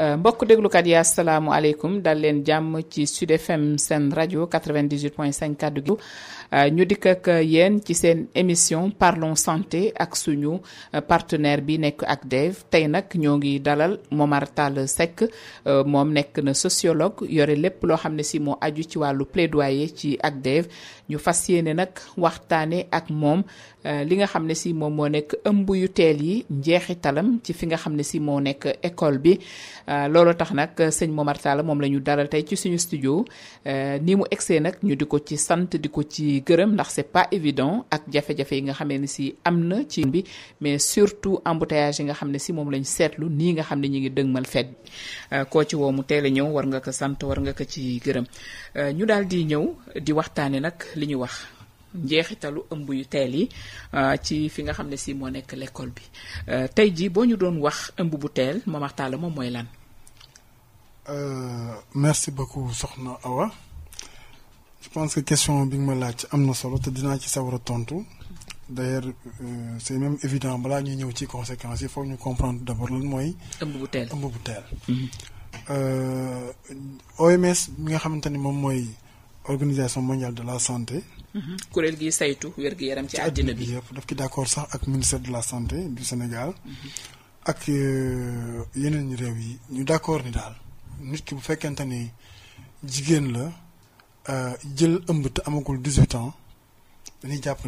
Euh, mbokk déglukat yi asalaamualeykum dal leen jàmm ci Sud FM seen rajo 98.5 kàddu gi euh, ñu dikk ak yéen ci seen émission parlons santé ak suñu euh, partenaire bi nekk ak dev tey nag ñoo ngi dalal Momar Tall Seck moom nekk na sociologue yore lépp loo xam ne si moo aju ci wàllu plaidoyer ci ak ACDEV ñu fas yéene nag waxtaane ak moom euh, li nga xam ne si moom moo nekk ëmb yu teel yi njeexitalam ci fi nga xam ne si moo nekk école bi euh, loolu tax nag euh, sëñ Momar moom la ñu daral tey ci suñu studio ni mu egsee nag ñu di ko ci sant di ko ci gërëm ndax c'est pas évident ak jafe yi nga xamee ne si am na ci bi mais surtout embouteillage yi nga xam ne si moom lañ seetlu nii nga xam ne ñu ngi dëgmal fet koo ci woo mu teel a ñëw war nga ko sant war nga ko ci gërëm ñu daal di ñëw di waxtaane nag li ñuy wax njeexitalu ëmb yu teel yi euh, ci fi nga xam ne si moo nekk lekkool bi euh, tey jii boo ñu doon wax ëmb bu teel Mame Makhtar Talla moom mooy lan. Euh, merci beaucoup soxna Awa je pense ma laaj am na solo te dinaa ci sawar tontu d'ailleurs c'est même évident ñuy ñëw ci conséquences yi foog ñu comprendre d'abord lan mooy. ëmb bu teel ëmb bu teel. Mhm. OMS bi nga xamante ni moom mooy. organisation mondiale de la santé. Mhm. kuréel gi saytu wér gi yaram ci àddina bi yëpp daf ki d'accord sax ak ministère de la santé du Sénégal. Mhm. ak euh, yeneen réew yi ñu d'accord ni daal nit ki bu fekkente ni jigéen la euh, jël ëmb te amagul dix-huit ans dañuy jàpp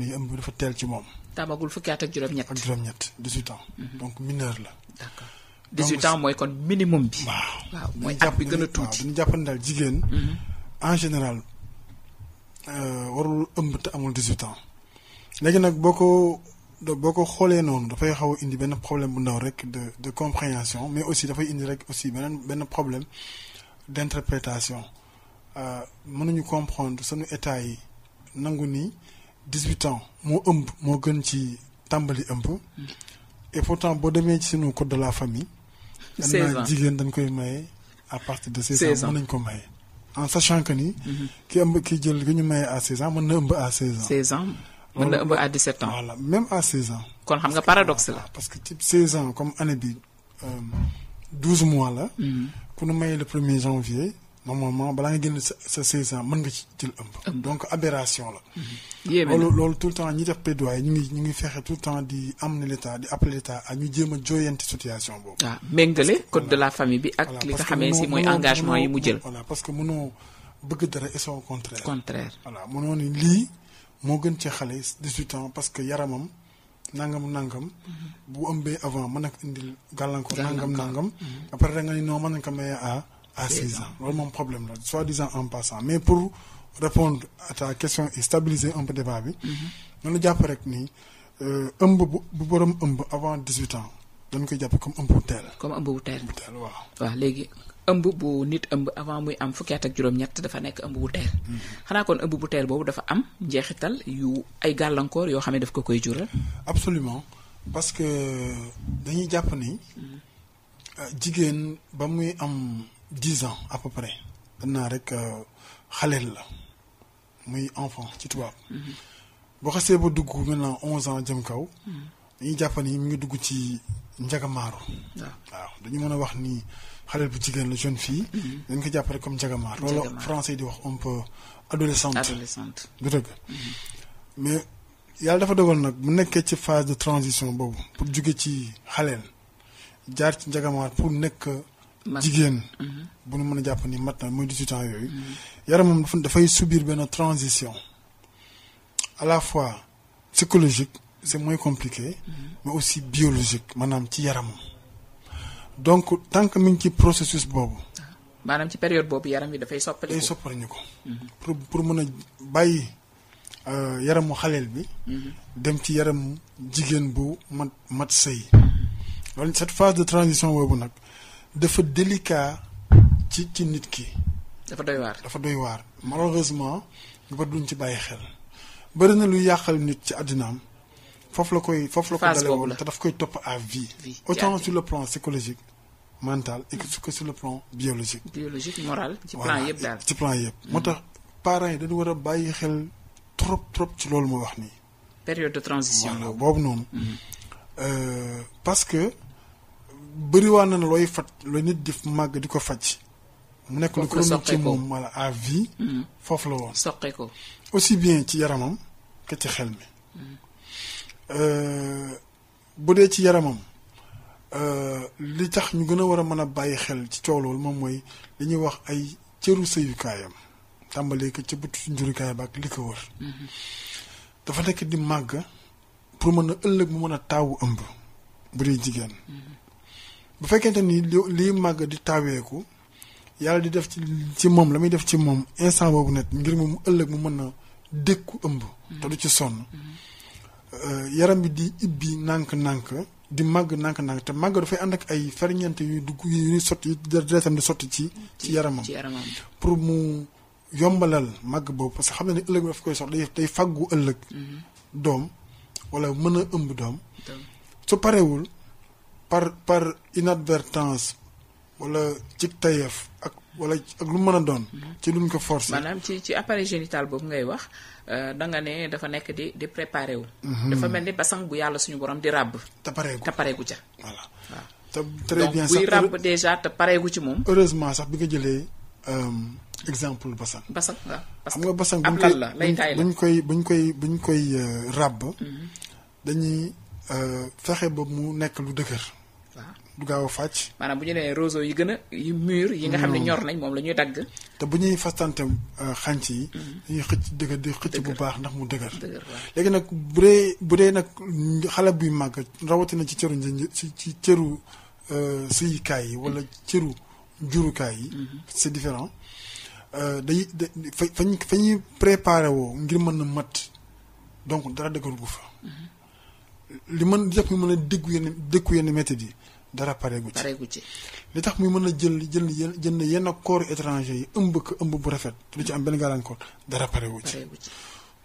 ci moom. te amagul fukki at ak juróom-ñett mhm. la. d'accord dix-huit ans mooy kon daal jigéen. en général. Euh, warul ëmb te amul 18 ans léegi nag boo ko boo ko xoolee noonu dafay xaw a indi benn problème bu ndaw rek de de compréhension mais aussi dafay indi rek aussi beneen benn problème d'interprétation euh, nañu comprendre suñu état yi nangu ni 18 ans moo ëmb moo gën ci tàmbali ëmb et pourtant boo demee ci sunu code de la famille. 16 ans jigéen dañ koy maye à partir de 16 ans mën nañ ko maye. en sachant chanque ni. Mhm. ki ëmb ki jël ki ñu maye à 16 ans mën na ëmb à 16 ans. 16 ans mën na ëmb à 17 ans. voilà même à 16 ans. kon xam nga paradoxe la. parce que ci 16 ans comme année bi 12 euh, mois la. Mhm. ku nu maye le premier janvier. ma balaa nga génn sa seize ans mën nga ci jël ëmb. donc aberration la. Mhm. loolu loolu tout le temps ñi def plaidoyer ñu ngi ñu ngi fexe tout le temps di amener l'État di appeler l'État à ñu jéem a jooyanti situation boobu. waaw ah, méngale code de la famille bi ak li nga xamee si mooy engagement yi mu jël. voilà parce que mënoo bëgg dara et son contraire. contraire voilà mënoo ni lii moo gën ci xale 18 ans parce que yaramam. nangam nangam. Mhm. bu ëmbee avant mën na ko indil gàllankoor. nangam nangam mhm. après à 16 ans moom problème la soi-disant en passant mais pour répondre à ta question et stabiliser un peu bi. mën mm-hmm. jàpp rek ni euh, ëmb bu bu borom ëmb avant 18 ans dañ koy jàpp comme ëmb bu teel. bu teel bu teel waaw. léegi ëmb bu nit ëmb avant muy am fukki at ak juróom-ñett dafa nekk ëmb bu teel. Mm-hmm. xanaa kon ëmb bu teel boobu dafa am njeexital yu ay gàllankoor yoo xam ne daf ko koy jural. absolument parce que dañuy jàpp ni. Mm-hmm. jigéen ba muy am. dix ans à peu près naa rek euh, xaleel la muy enfant ci tubaab. boo xasee ba dugg maintenant onze ans jëm kaw. dañuy jàpp ni mu ngi dugg ci njagamaaru. waaw dañu mën a wax ni xaleel bu jigéen la jeune fii mhm. dañ ko jàpp comme njagamaar. loolu français di wax un peu adolescente. du dëgg. Mhm. mais yàlla dafa dogal nag mu nekkee ci phase de transition boobu pour jóge ci xaleel jaar ci njagamaar pour nekk. jigéen mhm. bu nu mën a jàpp ni mat na muy 18 ans yooyu yaramam dafay subir benn transition à la fois psychologique c'est mooy compliqué mhm. mais aussi biologique maanaam ci yaramam donc tant que mi ngi ci processus boobu ah. maanaam ci période boobu yaram yi dafay soppali. day soppaliñu ko. Mhm. pour pour mën a bàyyi euh, yaramu xaleel bi. dem ci yaramu jigéen bu mat mat sëy. loolu cette phase de transition boobu nag dafa délicat ci ci nit ki. dafa doy waar dafa doy waar malheureusement ñu bari ci bàyyi xel bari na luy yàqal nit ci àddinaam foofu la koy foofu la ko dale woon te daf koy topp à vie autant sur le plan psychologique mental et que sur le plan biologique biologique moral ci plan yëpp yëpp mm. moo tax parents yi dañu war a bàyyi xel trop trop ci loolu ma wax nii période de transition boobu noonu mm. euh, parce que bëriwaan na looy faj loo nit di màgg di ko faj. mu nekk lu chronique ci moom wala à mm-hmm. foofu la woon soqe ko. aussi bien ci yaramam ci xel mi. Mm-hmm. Euh, bu dee ci yaramam euh, li tax ñu gën a war a mën a bàyyi xel ci coow loolu moom mooy li ñuy wax ay cëru sëyukaayam tàmbalee ko ca njurukaay ba ak li ko wër. Mm-hmm. dafa nekk di màgg pour mën a ëllëg mu mën a taawu ëmb bu dee jigéen. bu fekkente ni lii màgg di taaweeku yàlla di def ci ci moom la muy def ci moom instant boobu nag ngir mu ëllëg mu mën a dékku ëmb. Mm-hmm. te du ci sonn. Mm-hmm. Euh, yaram bi di ibbi nànk-nànk di màgg nànk-nànk te màgg dafay ànd ak ay ferñeent yu dugg yuy sotti deretam di sotti ci ci yaramam pour mu yombalal màgg boobu parce que xam ne ne ëllëg bi daf koy soxla day fàggu ëllëg mm-hmm. doom wala mën a ëmb doom su parewul par par inadvertance wala ci tayef ak wala ak lu mën a doon. Mhm. ci luñ ko forcer. maanaam ci ci appareil génital boobu ngay wax euh, da ne dafa nekk di di préparé wu. Mhm. dafa mel ni basang bu yàlla suñu borom di ràbb. tapareegu tapareegu ca. voilà te très bien sax donc buy ràbb déjà te pareegu ci moom. heureusement sax bi nga jëlee. Euh, exemple basang. basang waaw parce que basang ab lal la laytaay la buñ koy buñ koy buñ koy koy euh, ràbb. Mhm. dañuy fexe ba mu nekk lu dëgër. waaw du gaaw a fàcc. maanaam bu ñu nee roseaux yi gën a yu mûr yi nga xam ne ñor nañ moom la ñuy dagg. te bu ñuy fastante euh, xànc yi. Mm-hmm. dañuy xëcc dëgër di xëcc bu baax ndax mu dëgër. léegi nag bu dee bu dee nag xale buy màgg rawatina ci cëru njënjë ci ci cëru euh, sëyikaay yi wala cëru jurukaay yi. Mm-hmm. c'est différent euh, dañuy fa fa ñuy fa ñuy préparé woo ngir mën na mat donc dara dëgër gu fa. Mm-hmm. li mën yëpp mën a déggu yenn dëkku yenn méthode yi. dara pareegu ci pareegu ci. li tax muy mën na jël jël jënd yenn corps étranger yi ëmb ko ëmb bu rafet. du ci am benn gàllankoor dara pareegu ci.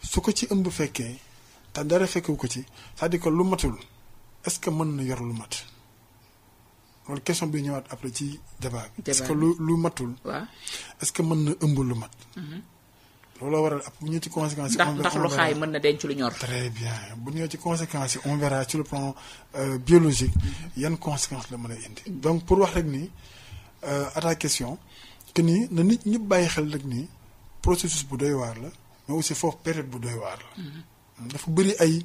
su ko ci ëmb fekkee te dara fekkewu ko ci cest à lu matul est-ce que mën na yor lu mat loolu question bi ñëwaat après ci débat bi. est-ce lu lu matul. waaw est-ce que mën na ëmb lu mat. Mhm. looloo waral ab bu ñu ci conséquences yi. ndax ndax lu xaay mën na denc lu ñor. très bien bu ñu ci conséquences yi on verra sur le plan euh, biologique yan conséquence la mën a indi. donc pour wax rek ni euh, à ta question que ni na nit ñi bàyyi xel rek ni processus bu doy waar la mais aussi foofu période bu doy waar la. Mm-hmm. dafa bëri ay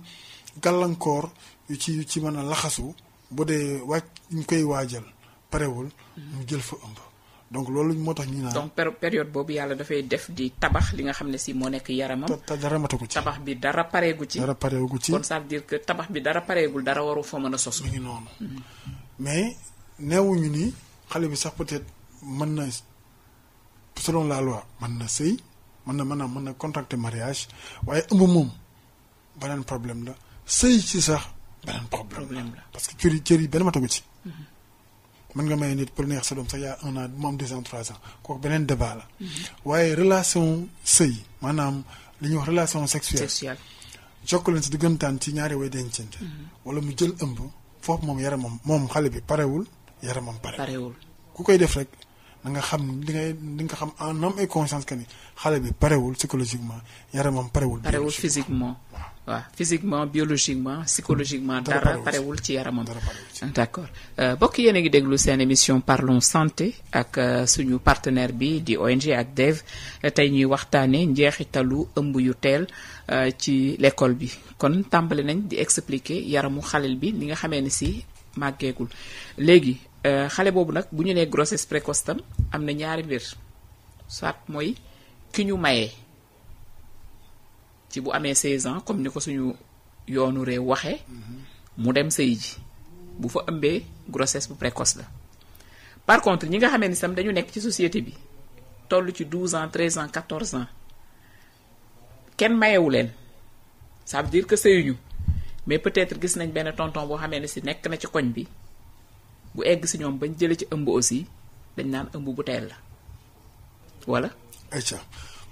gàllankoor yu ci yu ci mën a laxasu bu dee waaj ñu koy waajal parewul. mu mm-hmm. jël fa ëmb. donc loolu moo tax ñu naa donc période boobu yàlla dafay def di tabax li nga xam ne si moo nekk yaramam. dara matagu ci tabax bi dara pareegu ci. dara pareegu ci kon ça veut dire que tabax bi dara pareegul dara waru fa mën a sos. mi ngi mm-hmm. mais neewuñu ni xale bi sax peut-être mën na selon la loi mën na sëy mën na mën na mën na contracter mariage waaye ëmb moom beneen problème la sëy si sax beneen problème parce que cër yi cër yi benn matagu ci. Mm-hmm. mën nga may nit pour neex sa doom sax yaa un an mu am deux ans trois ans kooku beneen débat la. waaye relation sëy maanaam li ñuy wax relation sexuelle. sexuelle jokkaleen si diggantaan ci ñaari way dencante. Mm-hmm. wala mu jël ëmb foofu moom yaramam moom xale bi parewul yaramam parewul. ku koy def rek na nga xam li ngay li nga xam en âme ay conscience que ni xale bi parewul psychologiquement yaramam parewul. parewul physiquement waaw. waaw physiquement biologiquement psychologiquement dara parewul ci yaramam ah, d'accord euh, bokk yéen a ngi déglu seen émission parlons santé ak euh, suñu partenaire bi di ONG ak DEV tey ñuy waxtaane njeexitalu ëmb yu teel euh, ci l'école bi kon tàmbali nañ di expliquer yaramu xalel bi ni nga xamee ne si màggeegul léegi xale boobu nag bu ñu nee grossesse précoce tam am na ñaari mbir soit mooy ki ñu mayee ci bu amee 16 ans comme ni ko suñu yoonu réew waxee mu dem sëy ji bu fa ëmbee grossesse bu précoce la par contre ñi nga xamee ni sam dañu nekk ci société bi toll ci 12 ans 13 ans 14 ans kenn mayewu leen ça veut dire que sëyuñu mais peut-être gis nañ benn tonton boo xamee ne si nekk na ci koñ bi bu egg si ñoom bañ jëlee ci ëmb aussi dañ naan ëmb bu teel la wala. ayca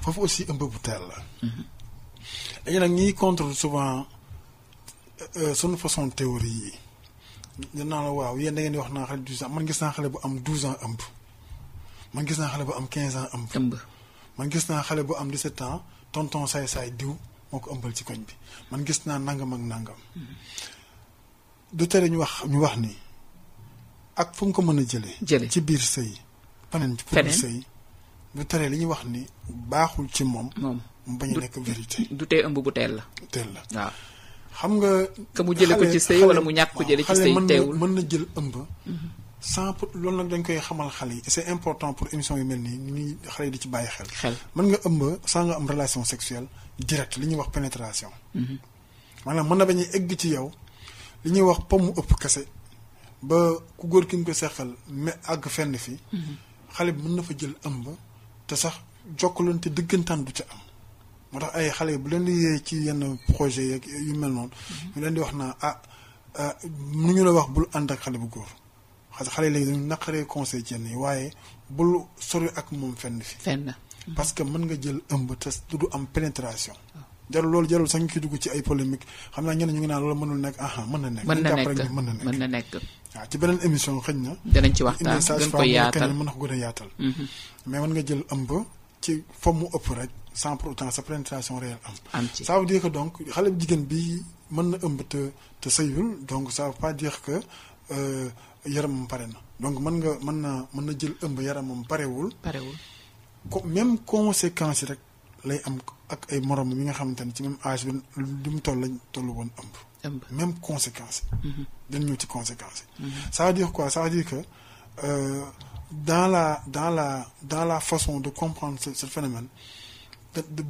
foofu aussi ëmb bu teel la. Mhm. léegi nag ñiy contre souvent euh, sunu façon théorie yi naa la waaw yéen da di wax naa xale douze man gis naa xale bu am douze ans ëmb man gis naa xale bu am quinze ans ëmb man gis naa xale bu am dix-sept tonton saay-saay diw moo ko ëmbal ci koñ bi man gis naa nangam ak nangam mm-hmm. du tere ñu wax ñu wax ni ak fu mu ko mën a jëlee ci biir sëy feneen ci biir sëy du tere li ñuy wax ni baaxul ci moom mu bañ a nekk vérité du tee ëmb bu teel la. teel la waaw. xam nga. ka mu jëlee ko ci sëy wala mu ñàkk ko jëlee ci sëy teewul mën na jël ëmb. Mhm. sans pour loolu nag dañ koy xamal xale yi c'est important pour émission yu mel nii ni xale yi di ci bàyyi xel. xel mën nga ëmb sans nga am relation sexuelle directe li ñuy wax pénétration. Mhm. maanaam mën na bañ egg ci yow li ñuy wax pomme mu ëpp kese ba ku góor ki nga ko seqal mais àgg fenn fi. Mhm. xale bi mën na fa jël ëmb te sax jokkalante dëggantaan du ca am. moo tax ay xale bu leen di yee ci yenn projet yeeg yu mel noonu. ñu mhm. leen di wax naa ah, ah nu ñu la wax bul ànd ak xale bu góor parce xale yi léegi dañu naqaree conseil ci yenn yi waaye bul sori ak moom fenn fi fenn mhm. parce que mën nga jël ëmb te du am pénétration. Ah. jarul loolu jarul sax ñu ciy dugg ci ay polémique xam naa ñenn ñu ngi naan loolu mënul nekk aha mën na nekk. mën na nekk mën na nekk waaw ci beneen émission xëy na. danañ ci waxtaan gën ko yaatal message mën na ko gën a yaatal. Mhm. mais mën nga jël ëmb ci fomm mu ëpp rek. sans pour autant sa pénétration réelle am. ça veut dire que donc xale bu jigéen bi mën na ëmb te te sëyul donc ça veut pas dire que euh, yaramam pare na donc mën nga mën na mën na jël ëmb yaramam parewul. parewul ko même conséquence yi rek lay am ak ay morom yi nga xamante ne ci même âge bi li mu toll lañ toll woon ëmb. même conséquence yi. Mhm. dañ ñëw ci conséquence yi. Mhm. ça veut dire quoi ça veut dire que. Euh, dans la dans la dans la façon de comprendre ce, ce phénomène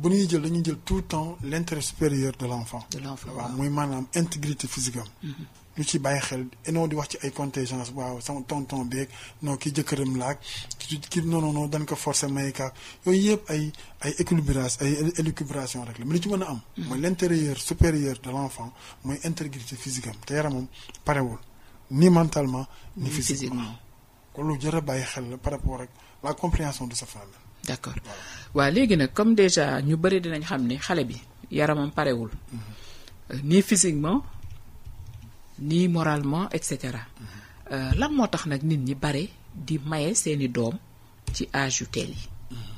bu ñuy jël dañuy jël tout le temps l' intérêt supérieur de l' enfant. de l' enfant waaw muy maanaam intégrité physique am. Mm-hmm. ñu ci bàyyi xel et di wax ci ay contingence waaw sama tonton beeg non ki jëkkëram laag ki non non non ko forcer may yooyu yëpp ay ay équilibrage ay élucubration rek la mais li ci mën a am. Mm-hmm. mooy l' intérieur supérieur de l' mooy intégrité physique am te yaramam parewul ni mentalement. ni physiquement kon lu jar bàyyi xel la par rapport ak la compréhension de sa famille. d' accord waaw léegi nag comme déjà ñu bëri dinañ xam ni xale bi yaramam parewul mm-hmm. nii physiquement nii moralement et cetera mm-hmm. euh, lan moo tax nag nit ñi bari di maye seeni doom ci âge yu yi mm-hmm.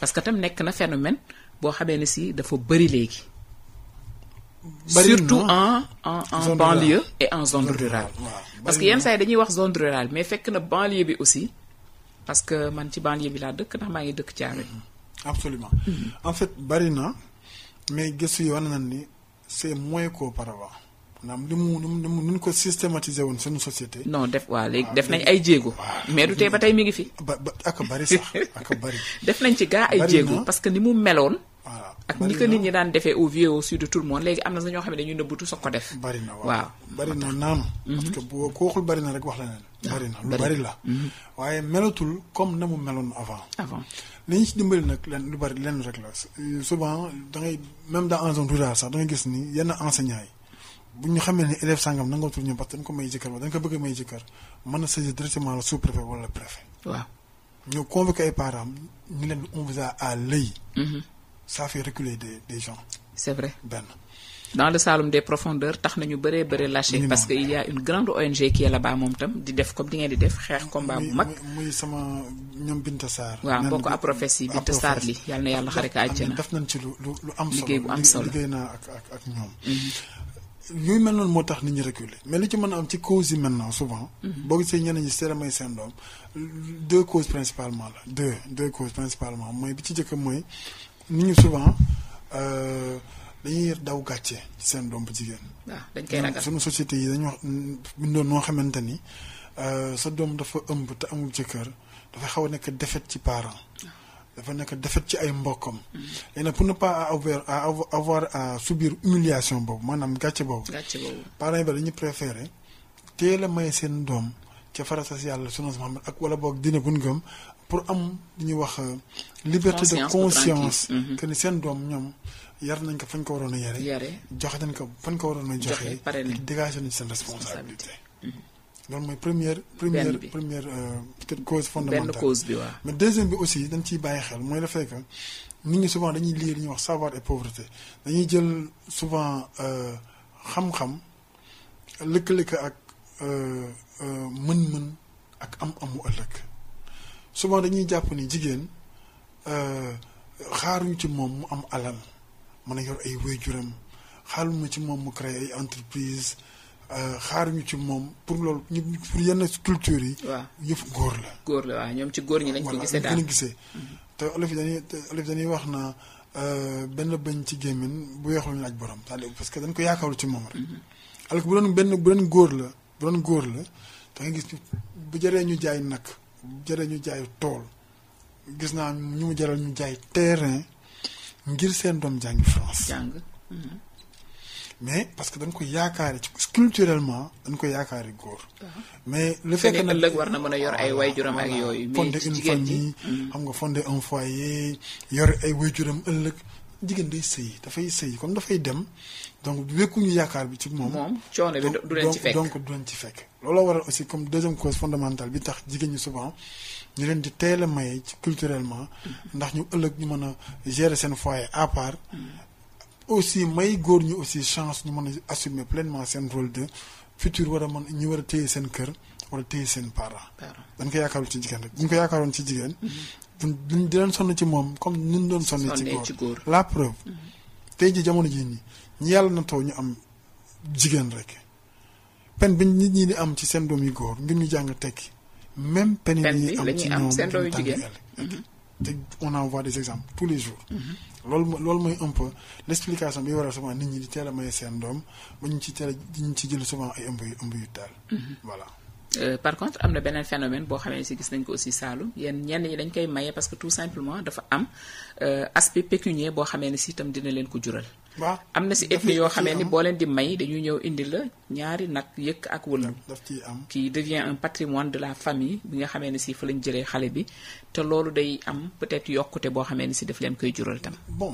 parce que tam nekk na phénomène boo xamee ne si dafa bëri léegi surtout en en en banlieue et en zone rurale parce yenn saa yi dañuy wax zone rurale mais fekk na banlieue bi aussi parce que man ci banlieue bi laa dëkk ndax maa ngi dëkk Thiaré. Mhm. absolument en fait bari na mais gëstu yi wane na ni c'est moins qu'auparavant maanaam li mu li mu ni ko systématiser woon suñu société. non def waa ah, léegi def nañ ay jéego. mais du tee ba tey mi ngi fi. ba ba ak bari sax ak bari. def nañ ci gaa ay jéego parce que ni mu meloon. ak ni ko daan defee au vieux au sud de tout le monde léegi am ñoo xam ne dañuy nëbbutu soog ko def. bari waaw bari na naam. Mhm. parce que boo ko waxul bari na rek wax la bari na lu bari la mhm. waaye melatul comme na mu meloon avant avant li ñu ci dimbali nag leen lu bari lenn rek la souvent da ngay même dans en zone sax da ngay gis nii yenn enseignants yi bu ñu xamee ne élève sàngam nangatul ñoom parce que ko may jëkkër wala dañ ko bëgg a may jëkkër mën na saisir directement le sous préfet wala le préfet waaw ñoo convoqué ay parents ñu leen on vous a à l'œil mhm. ça fait reculer des des gens c'est vrai benn dans le Saloum de profondeurs tax nañu bëree bëri lâché parce que il y a une grande ONG qui est là-bas moom tam di def comme di ngeen di def xeex combat bu mag muy sama ñoom Binta Sarr waaw mbokk aprofes yi Binta Sarr li yàlla na yàlla xare ko àjjana def nañ ci lu lu am solo liggéey bu am solo liggéey naa ak ñoom mhm. yooyu mel noonu moo tax nit ñi reculer mais li ci mën a am ci cause yi maintenant souvent mhm. boo gisee ñeneen ñi seelamay seen la deux deux principalement mooy bi ci jëkk mooy nit ñu souvent euh, dañuy daw gàcce ci seen doom bu jigéen. waaw ah, dañ sunu société yi dañu wax bindoon noo xamante ni euh, sa doom dafa ëmb te amul jëkkër dafa xaw a nekk defet ci parent. Ah. dafa nekk defet ci ay mbokkam. Mm. léegi nag pour ne pas avoir à avoir à subir humiliation boobu maanaam gàcce boobu. gàcce boobu parents yi ba dañuy préféré teel a may seen doom ca farata si yàlla sunu Muhammad ak wala boog dina bu gëm pour am li ñuy wax. Euh, liberté de conscience mm-hmm. que ni seen doom ñoom. yar nañ ko fañ ko waroon a yare joxe nañ ko fañ ko waroon a joxe dégagé nañ seen responsabilité mhm. loolu mooy première première première euh, peut-être cause fondamentale benn cause bi waaw mais deuxième bi aussi dañ ciy bàyyi xel mooy le fait que nit ñi souvent dañuy lii li ñuy wax savoir et pauvreté dañuy jël souvent euh, xam-xam lëkkale ko ak euh, mën-mën ak am-amu ëllëg souvent dañuy jàpp ni jigéen xaaruñu ci moom mu am alal mën a yor ay waajuram xaaruñu ci moom mu créer ay entreprise euh, xaaruñu ci moom pour loolu ñu pour yenn culture yi. waaw yëpp góor la. góor la waaw ñoom ci góor ñi lañ ko gisee daal gisee. te olof yi dañuy olof wax na euh, benn bañ ci gémmiñ bu weexul ñu laaj borom c'est-à-dire parce que dañ ko yaakaaru ci moom rek. Mm-hmm. alors que bu doon benn bu góor la bu doon góor la da nga gis bu jëree ñu jaay nag bu jëree ñu jaay tool gis naa ñu mu jaral ñu jaay terrain. ngir seen doom jàngi France. jàng mais parce que dañ ko yaakaari ci culturellement dañ ko yaakaari góor. mais lu fekk na ëllëg war na mën a yor ay wayjuram ak yooyu. mais fonder une famille mm-hmm. xam nga fonder un foyer yor ay wayjuram ëllëg. jigéen day sëy dafay sëy comme dafay dem donc wékkuñu yaakaar bi ci moom. moom coono bi du ci fekk donc du leen ci fekk. looloo waral aussi comme deuxième cause fondamentale bi tax jigéen ñi souvent ñu leen di teel may ci culturellement. ndax ñu ëllëg ñu mën a gérer seen foyer à part. aussi may góor ñu aussi chance ñu mën a assumer pleinement seen rôle de futur war a mën ñu war a téye seen kër. wala téye seen parent dañ ko yaakaarul ci jigéen rek bu ñu ko yaakaaroon ci jigéen buñ duñ di sonn ci moom comme ñun doon sonne ci góor la preuve mhm. tey ji jamono jii nii ñi yàlla na taw ñu am jigéen rek pen bi nit ñi di am ci seen doom yu góor ngir ñu jàng tekki même pen yi ñuy am ci ñoom mhm. te on en voit des exemples tous les jours mhm. loolu mooy loolu mooy un peu l' explication bi waral souvent nit ñi di teel a maye seen doom ba ñu ci teel a ñu ci jël souvent ay ëmb yu ëmb yu teel voilà Euh, par contre am na beneen phénomène boo xamee si gis nañ ko aussi Saalum yenn ñenn ñi dañ koy maye parce que tout simplement dafa am euh, pécunier boo xamee ne si itam dina leen ko jural. waaw am na si ethnie yoo xamee leen di may dañuy ñëw indi la ñaari nag yëkk ak wëllu. daf ciy am qui devient un de la famille bi nga xamee ne si fa lañ jëlee xale bi te loolu day am peut-être yokkute boo xamee ne si daf leen koy jural tam. bon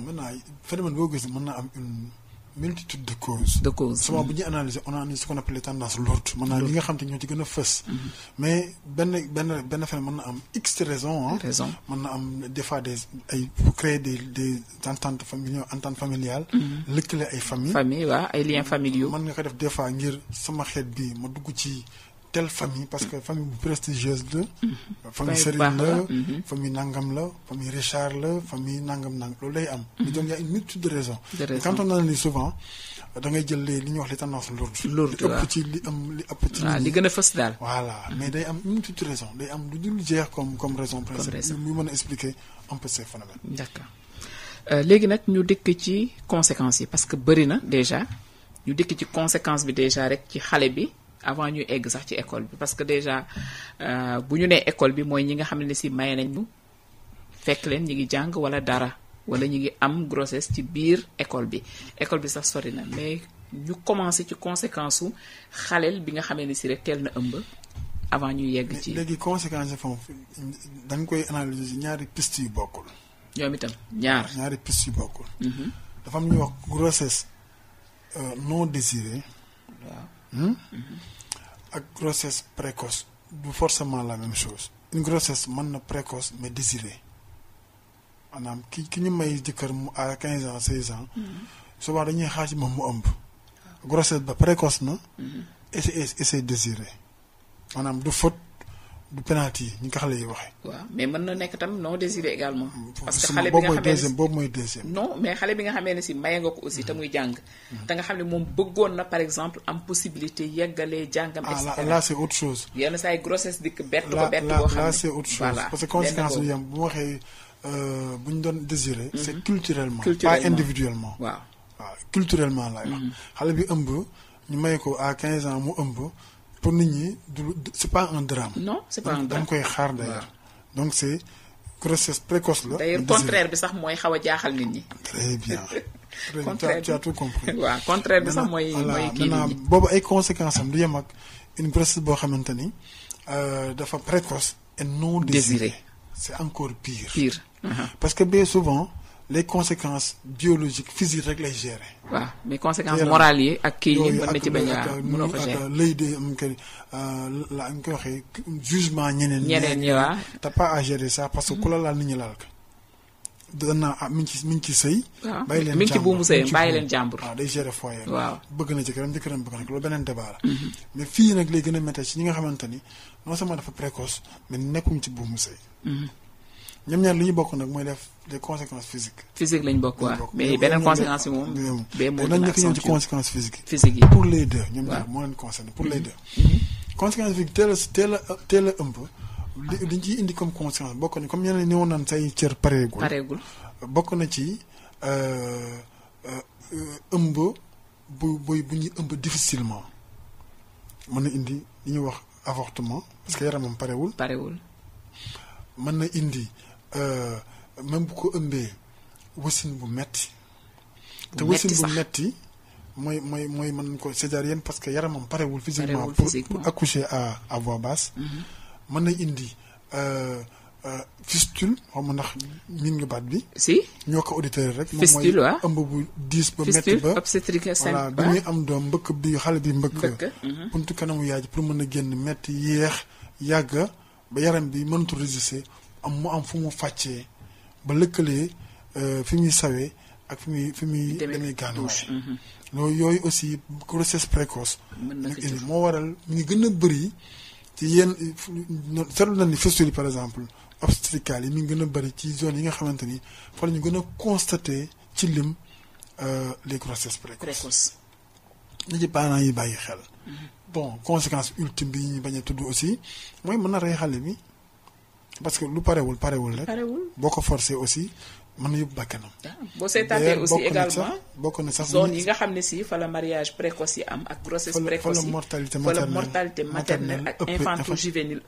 na am multitude de causes. de causes souvent bu ñuy analyser on analyse ce qu'on appelle les tendances lourdes. maanaam li nga xam te ñoo ci gën a fës. Mm-hmm. mais benn benn benn fenn mën na am x raison. raison na am des fois des ay pour créer des des ententes famille entente mm-hmm. lëkkale ay famille famille waaw ay liens familiaux. man nga koy def des fois ngir sama xeet bi ma dugg ci. telle famille parce que famille bu prestigieuse la. Mhm. famille Serigne la mhm. famille Nangam la famille Richard la famille Nangam Nangam loolu lay am. Mhm. mais donc y a une multitude de raisons. de raisons quand on analyse souvent da ngay jël li ñuy wax les tendances lourdes. lourdes li ëpp ci li am li ëpp ci. li gën a fës daal. voilà mais day am une multitude de raisons day am lu dul jeex comme comme raison principale muy mën a expliquer un peu ces phénomènes. d'accord euh, léegi nag ñu dikk ci conséquences yi parce que bëri na déjà ñu dikk ci conséquence bi déjà rek ci xale bi. avant ñuy egg sax ci école bi parce que déjà euh, bu ñu nee école bi mooy ñi nga xam ne si may nañ ñu fekk leen ñi ngi jàng wala dara wala ñi ngi am grossesse ci biir école bi école bi sax sori na mais ñu commencé ci conséquence su xaleel bi nga xamee ne si rek teel na ëmb avant ñu yegg ci. léegi conséquence foofu dañ koy analyser ñaari piste yu bokkul. ñoom itam ñaar ñaari piste yu bokkul. Mm-hmm. dafa am ñuy wax grossesse euh, non désirée. ak grossesse précoce du forcément la même chose une grossesse mën na précoce mais désirée maanaam ki ki ñu may jëkkër mu à quinze ans seize ans mm-hmm. souvent dañuy xaar ci moom mu ëmb ah. grossesse ba précoce na mm-hmm. et c'est et c'est désiré maanaam du faute bu penalty yi ñi nga xale yi waxee. mais mën na nekk tam non désiré également. parce que xale bi nga xamee ne si maye nga ko aussi te muy jàng. Mm-hmm. te nga xam ne moom bëggoon na par exemple am possibilité yeggalee jàngam. et cetera ah là c'est autre chose. yenn saa yi grossesse dikk bett ko bett. boo xam ne là c'est autre chose parce que conséquence bi yam bu ma waxee euh, bu ñu doon désiré. c'est mm-hmm. culturellement pas individuellement. waaw culturellement laay wax. Mm-hmm. xale bi ëmb ñu maye ko à 15 ans mu pour nit ñi du c'est pas un drame. non c'est pas un drame dañ koy xaar d'ailleurs donc c'est grossesse précoce la. d'ailleurs contraire bi sax mooy xaw a jaaxal nit ñi. très bien. contraire tu as tout bi sax mooy mooy kii nit ñi boobu ay conséquences am du yem ak une grossesse boo xamante ni euh, dafa précoce et non désirée. c'est encore pire. pire parce que bien souvent. les conséquence biologiques physiques rek lay gere waaw mais conséquences morales yi ak kii yi na ci bañ a mënoo ko gérer lay de mu euh, que la ñu koy waxee jugement ñeneen. ñeneen ñi waaw t'as pas que ku laal nit ñi laal ko. dana ah mi ngi ci mi ngi ci sëy. waaw bàyyi leen jàmbur mi ngi ci buumu sëy bàyyi leen jàmbur. waaw day gérer foyer. waaw bëgg na jëkkëram jëkkëram bëgg na ko beneen débat la. Mhm. fii nag lay gën a métti ci nga xamante ni non seulement dafa précoce nekkuñ ci buumu sëy. Mhm. ñoom ñaar li ñu bokk nag mooy def des conséquences physiques. physique lañ bokk waaw mais beneen conséquence bi moom. bee moo gën a accentué ci conséquences physiques physique yi pour les deux ñoom ñaar moo leen concerné pour les mm-hmm. deux. Mm-hmm. conséquence physique teel a teel a teel a ëmb li li ciy indi comme conséquence bokk na comme yeneen ni woon naan say cër pareegul. pareegul bokk na ci euh, euh, ëmb bu bu bu ñuy ëmb difficilement mën na indi li ñuy wax avortement parce que yaramam parewul. parewul mën na indi. Euh, même bu ko ëmbee wasin bu metti te wasin bu metti mooy mooy mooy mën ko césarienne parce que yaramam parewul physiquement pour pour accoucher à à voix mm-hmm. mën na indi euh, euh, fistule xaw ma ndax miin nga baat bi si ñoo ko auditeur rek moom mooy ëmb bu diis ba metti ba voilà bi muy am doom mbëkk bi xale bi mbëkk mm-hmm. buntu kanamu yaay ji pour mën a génn metti yéex yàgga ba yaram bi mënatul résister am mu am fu mu fàccee ba lëkkalee euh, fi muy sawee ak fi muy fi muy demee gaanuwaay mhm. loolu yooyu aussi grossesse précoce nag indi moo waral mu ngi gën a bëri ci yenn seetlu na ni fistule yi par exemple obstétricale yi mi ngi gën a bëri ci zone yi nga xamante ni fa ñu gën a constater ci lim euh, les grossesses précoces na ci parents yi bàyyi xel mhm. bon conséquence ultime bi ñu bañ a tudd aussi mooy mën a rey xale bi parce que lu parewul parewul rek. parewul boo ko forcé aussi mën na yóbbu bakkanam. Ah, boo seetaatee aussi également bokk na sax zone yi nga xam ne si fa la mariage précoce yi am ak grossesse précoce yi fa la mortalité maternelle fa la mortalité maternelle ak infanto juvénile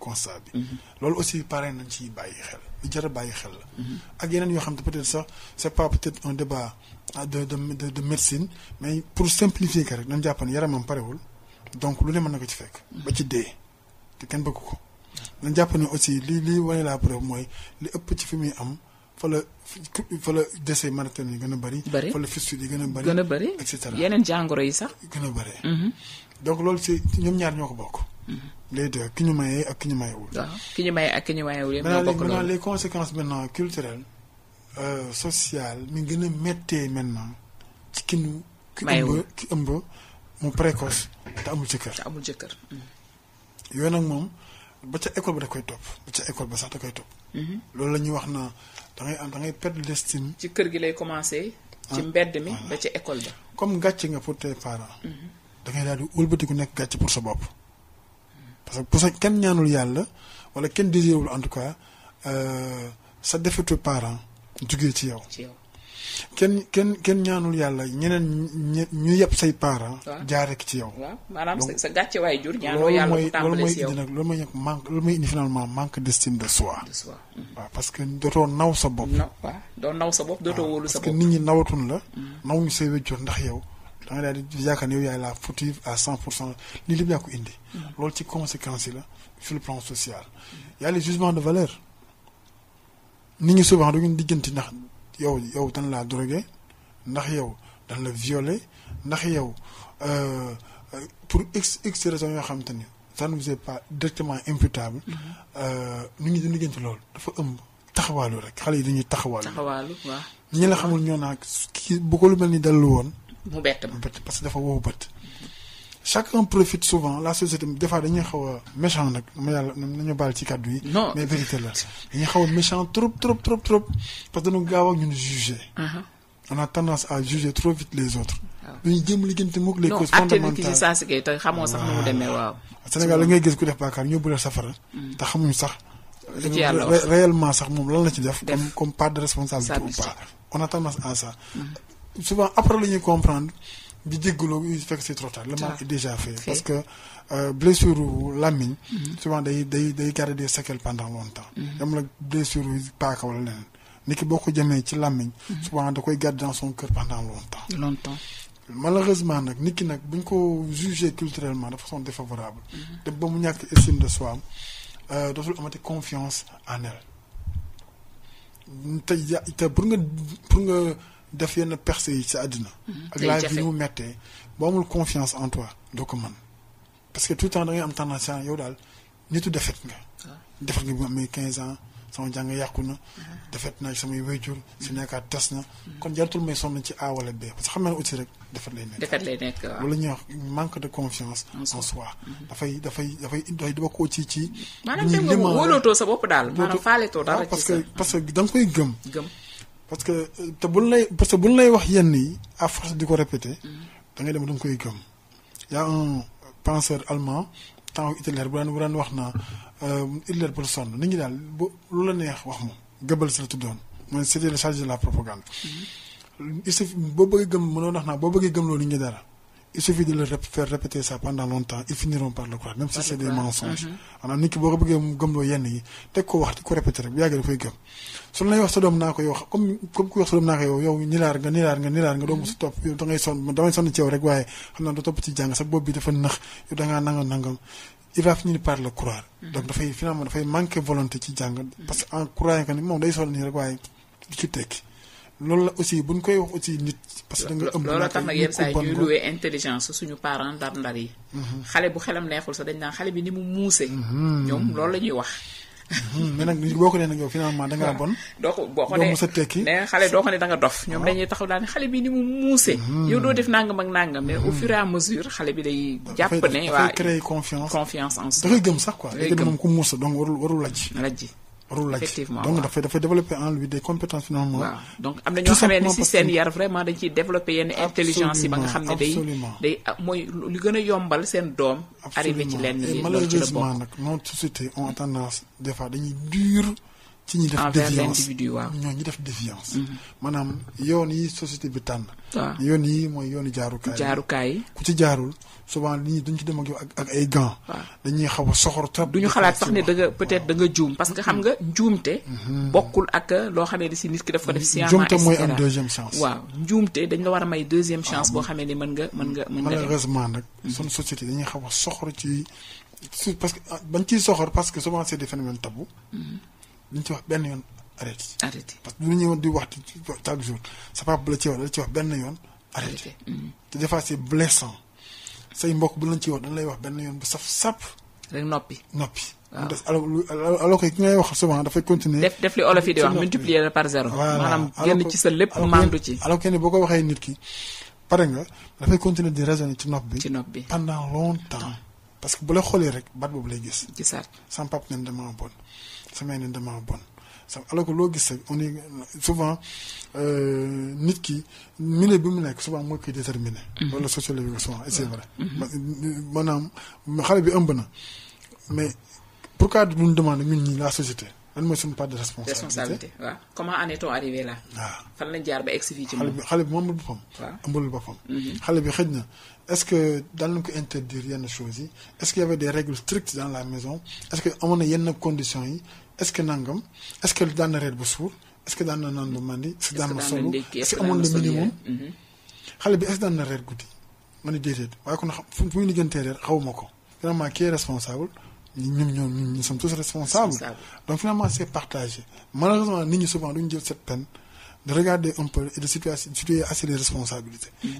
constat bi. Mhm. loolu aussi pare nañ ciy bàyyi xel lu jar bàyyi xel la. Mhm. ak yeneen yoo xam ne peut-être sax c'est pas peut-être un débat ah, de de de médecine mais pour simplifier ko rek dañu jàpp ne yaramam parewul donc lu ne mën na ko ci fekk. ba ci dee te kenn bëgg ko. na jàpp ne aussi li li wane la preuve mooy li ëpp ci fi muy am fa la fa la décès marathon yi gën a bëri. bëri fa la fistule yi gën a bëri. gën a bëri et cetera yeneen jàngoro yi sax. gën a bëri. Mhm. donc loolu si ñoom ñaar ñoo ko bokk. Mhm. les deux ki ñu mayee ak ki ñu mayewul. waaw ki ñu mayee ak ki ñu mayewul yëpp ñoo bokk loolu les conséquences maintenant culturelles euh, sociales mi gën a méttee maintenant ki ñu. mayewul ki ki ëmb mu précoce te amul jëkkër. te amul jëkkër. Mhm. yooyu moom. ba ca école ba da koy topp ba ca école ba sax da koy topp. Mhm. loolu la ñuy wax na da ngay am da ngay perdre l'estime. ci kër gi lay commencer. ci ah. mbedd mi ah. ba ca école ba. comme gàcc nga pour tes parents. Mhm. da ngay daal di nekk gàcce pour sa bopp. parce que pour sa kenn ñaanul yàlla wala kenn désirewul en tout cas euh, sa defetu parent jugee ci yow. kenn kenn kenn ñaanul yàlla ñeneen ñu yëpp say parents. jaar rek ci yow. waaw maanaam sa gàcce waay jur. ñaanoo yàlla mu tàmbale si loolu mooy loolu mooy indi manque loolu mooy indi finalement manque d'estime de soi. de soi mm. waaw parce que dootoo naw sa bopp. na waaw doo naw sa bopp dootoo wóolu sa parce que nit ñi nawatuñ la. Mm. naw ñu say wéjjur ndax yow. da nga daal di yaakaar ne yow yaay la fautive à cent pour cent lii lépp ko indi. Mm. loolu ci conséquences yi la sur le social. y a les de valeur. nit ñi souvent dañu diggante ndax. yow yow dañ laa drogué ndax yow dañ la violé ndax yow euh, pour x x raison yoo xamante ni ça ne vous est pas directement imputable nu mm-hmm. euh, ñu di liggéeyante loolu dafa ëmb taxawaalu rek xale yi dañuy taxawaalu. taxawaalu waaw. ñi la xamul ñoo naa kii bu ko lu mel ni dallu woon. mu bett parce que dafa wow bët. Mm-hmm. chacun profite souvent la société des fois dañuy xaw a méchant nag ma yàlla nañu baal ci kàddu yi. non mais vérité la dañuy xaw a méchant trop trop trop trop parce que dañu gaaw ak ñun juger. Uh-huh. on a tendance à juger trop vite les autres. waaw ah. duñu jéem liggéeyante moom les causes fondamentales non kay te xamoo sax nu mu la mm. la ci def. comme comme part de responsabilité ou pas on a tendance à mm. souvent après la comprendre. di jéggalu fekk c'est trop tard le mal a déjà fait parce que euh, blessure làmmiñ mhm. souvent day day day garder des séquelles pendant longtemps yam mhm. la blessure paaka wala leneen nit ki boo ko jëmee ci làmmiñ mhm. souvent da koy garder dans son cœur pendant longtemps malheureusement nag nit ki nag bu ñu ko jugé culturellement de façon défavorable de ba mu ñàkk estime de soi am euh, dootul amati confiance en elle te pour nga pour nga def yenn percées yi sa àddina mhm. ak la vie mu mettee boo amul confiance en toi doo ko mën parce que tout le temps da ngay am tendance yow daal nitu defet nga ah. defet nga bi amee quinze ans sama jàng yàqu na ah. defet naa samay wéyjur su mhm. nekkaat tas na mhm. kon jaratul may sonn ci A wala xam naa aussi rek defet lay nekk ñuy wax manque de confiance en soi dafay dafay dafay dafay di bokkoo ci ci maanaam wóolootoo sa bopp daal maanaam faaleetoo parce que parce que da nga koy gëm parce que euh, te buñ lay parce que buñ lay wax yenn yi à force di ko répété mm-hmm. da ngay dem da koy gëm. y a un penseur allemand temps Hitler bu daan bu daan wax naa euh, Hitler personne nit ñi daal ba lu la neex wax moom Goebbels la tuddoon mooy c'était le chargé de la propagande. Mm-hmm. il suffit boo bëggee gëm mënoo wax naa boo bëggee gëm loolu nit ñi dara. il suffit de le faire répéter ça pendant longtemps ils finiront par le croire même si c'est des mensonges maanaam mhm. nit ki boo ko bëggee mu gëmloo yenn yi teg ko wax rek bu yàggee dafay gëm su lay wax sa sonn ci yow rek waaye xam naa doo topp ci jàng sa bopp bi dafa nax yow dangaa nangam nangam il va finir par le croire mhm. donc dafay finalement dafay manquer volonté ci jàng parce que en croyant que moom day sonn nii rek waaye du ci tekki loolu la aussi buñ koy wax aussi nit. parce que da nga ëmb loolu tax nag yenn saa yi ñuy loué intelligence suñu parents ndar yi. Mhm. xale bu xelam neexul sax dañ naan xale bi ni mu muuse. Mhm. ñoom loolu la ñuy wax. Mhm. nag boo ko nee nag yow finalement da ngaa bon. doo ko boo ko nee doo mos a tekki nee xale doo ko ne da nga dof. ñoom ah. dañuy taxaw daal ne xale bi ni mu muuse. yow doo def nangam ak nangam mais au fur et à mesure xale bi day. jàpp ne waaw dafay créer confiance. confiance en gëm sax quoi. da koy gëm moom ku muuse donc warul warul lajj. lajj. warul laaj effectivement donc dafay dafay développer en lui des compétences finalement. waaw donc am na ñoo xamee ne seen yar vraiment dañ ciy développer yenn intelligence yi ba nga xam ne day day ah, mooy lu gën a yombal seen doom. arrivé ci lenn li loolu ci la bokk malheureusement nag nos sociétés ont tendance des fois dañuy dur. ci ñi def déviance waaw ñoo ñi def déviance mhm. maanaam yoon yi société bi tànn yoon yi mooy yooni jaarukaay jaarukaay ku ci jaarul souvent li ñu duñ ci dem ak yow ak ay gants dañuy xaw a soxor trop duñu xalaat sax ne da peut-être da nga parce que xam mhm. nga njuumte mhm. bokkul ak loo xamee ne si nit ki daf ko def sciemment njuumte mooy am deuxième chance njuumte dañ la war a may deuxième ah, chance boo xamee ni mën nga mën nga mën nga malheureusement nag suñu société dañuy xaw a soxor ci parce que ah, bañ ciy soxor parce que souvent c'est des phénomènes tabous liñ ci wax benn yoon arrêté. arrêté parce que bu ñu ñëwoon di wax chaque jour sa papa bu la ci wax dala ci wax benn yoon arrêté. Mm-hmm. te des fois blessant say mbokk bu lañ ci wax dañ lay wax benn yoon bu saf sap. rek noppi noppi. waaw des alors alors que ki ngay wax souvent dafay continuer. def def li olof yi di wax multiplier par zéro. voilà maanaam génn ci sa lépp maandu ci. alors que boo ko waxee nit ki pare nga dafay continuer di raisonner ci nopp bi. ci nopp bi pendant longtemps. parce que bu la xoolee rek bat boobu lay gis. gisaat sama papa ne damaa bon. samay nen dama bon sax alors que loo gis rek on est souvent euh, nit ki milieu bi mu nekk souvent moo koy déterminé. wala mhm. sociologie souvent et c'est vrai. Mhm. maanaam xale bi ëmb na mais pourquoi du ñu demande ñun la société. lan mooy suñu part de responsabilité responsabilité waaw comment en est-on arrivé ah. jaar ba egg xale bi xale bi moomul boppam. waaw ëmbalul mhm. xale bi xëj na est-ce que daan nañ ko interdire yenn choses yi est-ce qu'il y avait des règles dans la maison est que amoon na yenn condition yi. est-ce que nangam est-ce que daan na reer bu suur est-ce que daan na naan lu màndi est-ce que daan na mhm. xale bi est-ce que reer guddi ma ne déedéet waaye kon xam fu muy liggantee reer xawuma ko vraiment qui est responsable ñun ñoo ñu sommes tous responsables donc finalement c'est partagé malheureusement nit ñi souvent duñu jël cette peine de regarder un peu et de situer situer assez les mhm.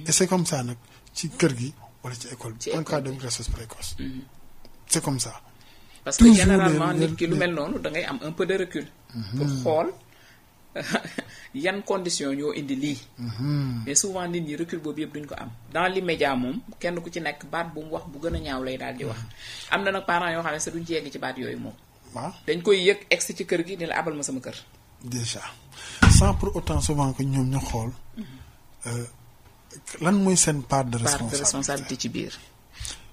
et c'est comme ça nag ci kër gi wala ci école bi en cas de grossesse précoce mhm. comme ça parce que généralement nit ki lu mel noonu da ngay am un peu de recul. Mhm. pour xool yan condition ñoo indi lii. Mhm. mais souvent nit ñi recul boobu yëpp duñ ko am. dans l'immédiat moom kenn ku ci nekk baat bu mu wax bu gën a ñaaw lay daal di wax mhm. am na nag parents yoo xam ne sax duñ ci yegg ci baat yooyu moom. waaw dañ koy yëg egg ci kër gi ni la abal ma sama kër. déjà sans pour autant souvent que ñoom ñu xool euh, lan mooy seen part de responsabilité ci biir.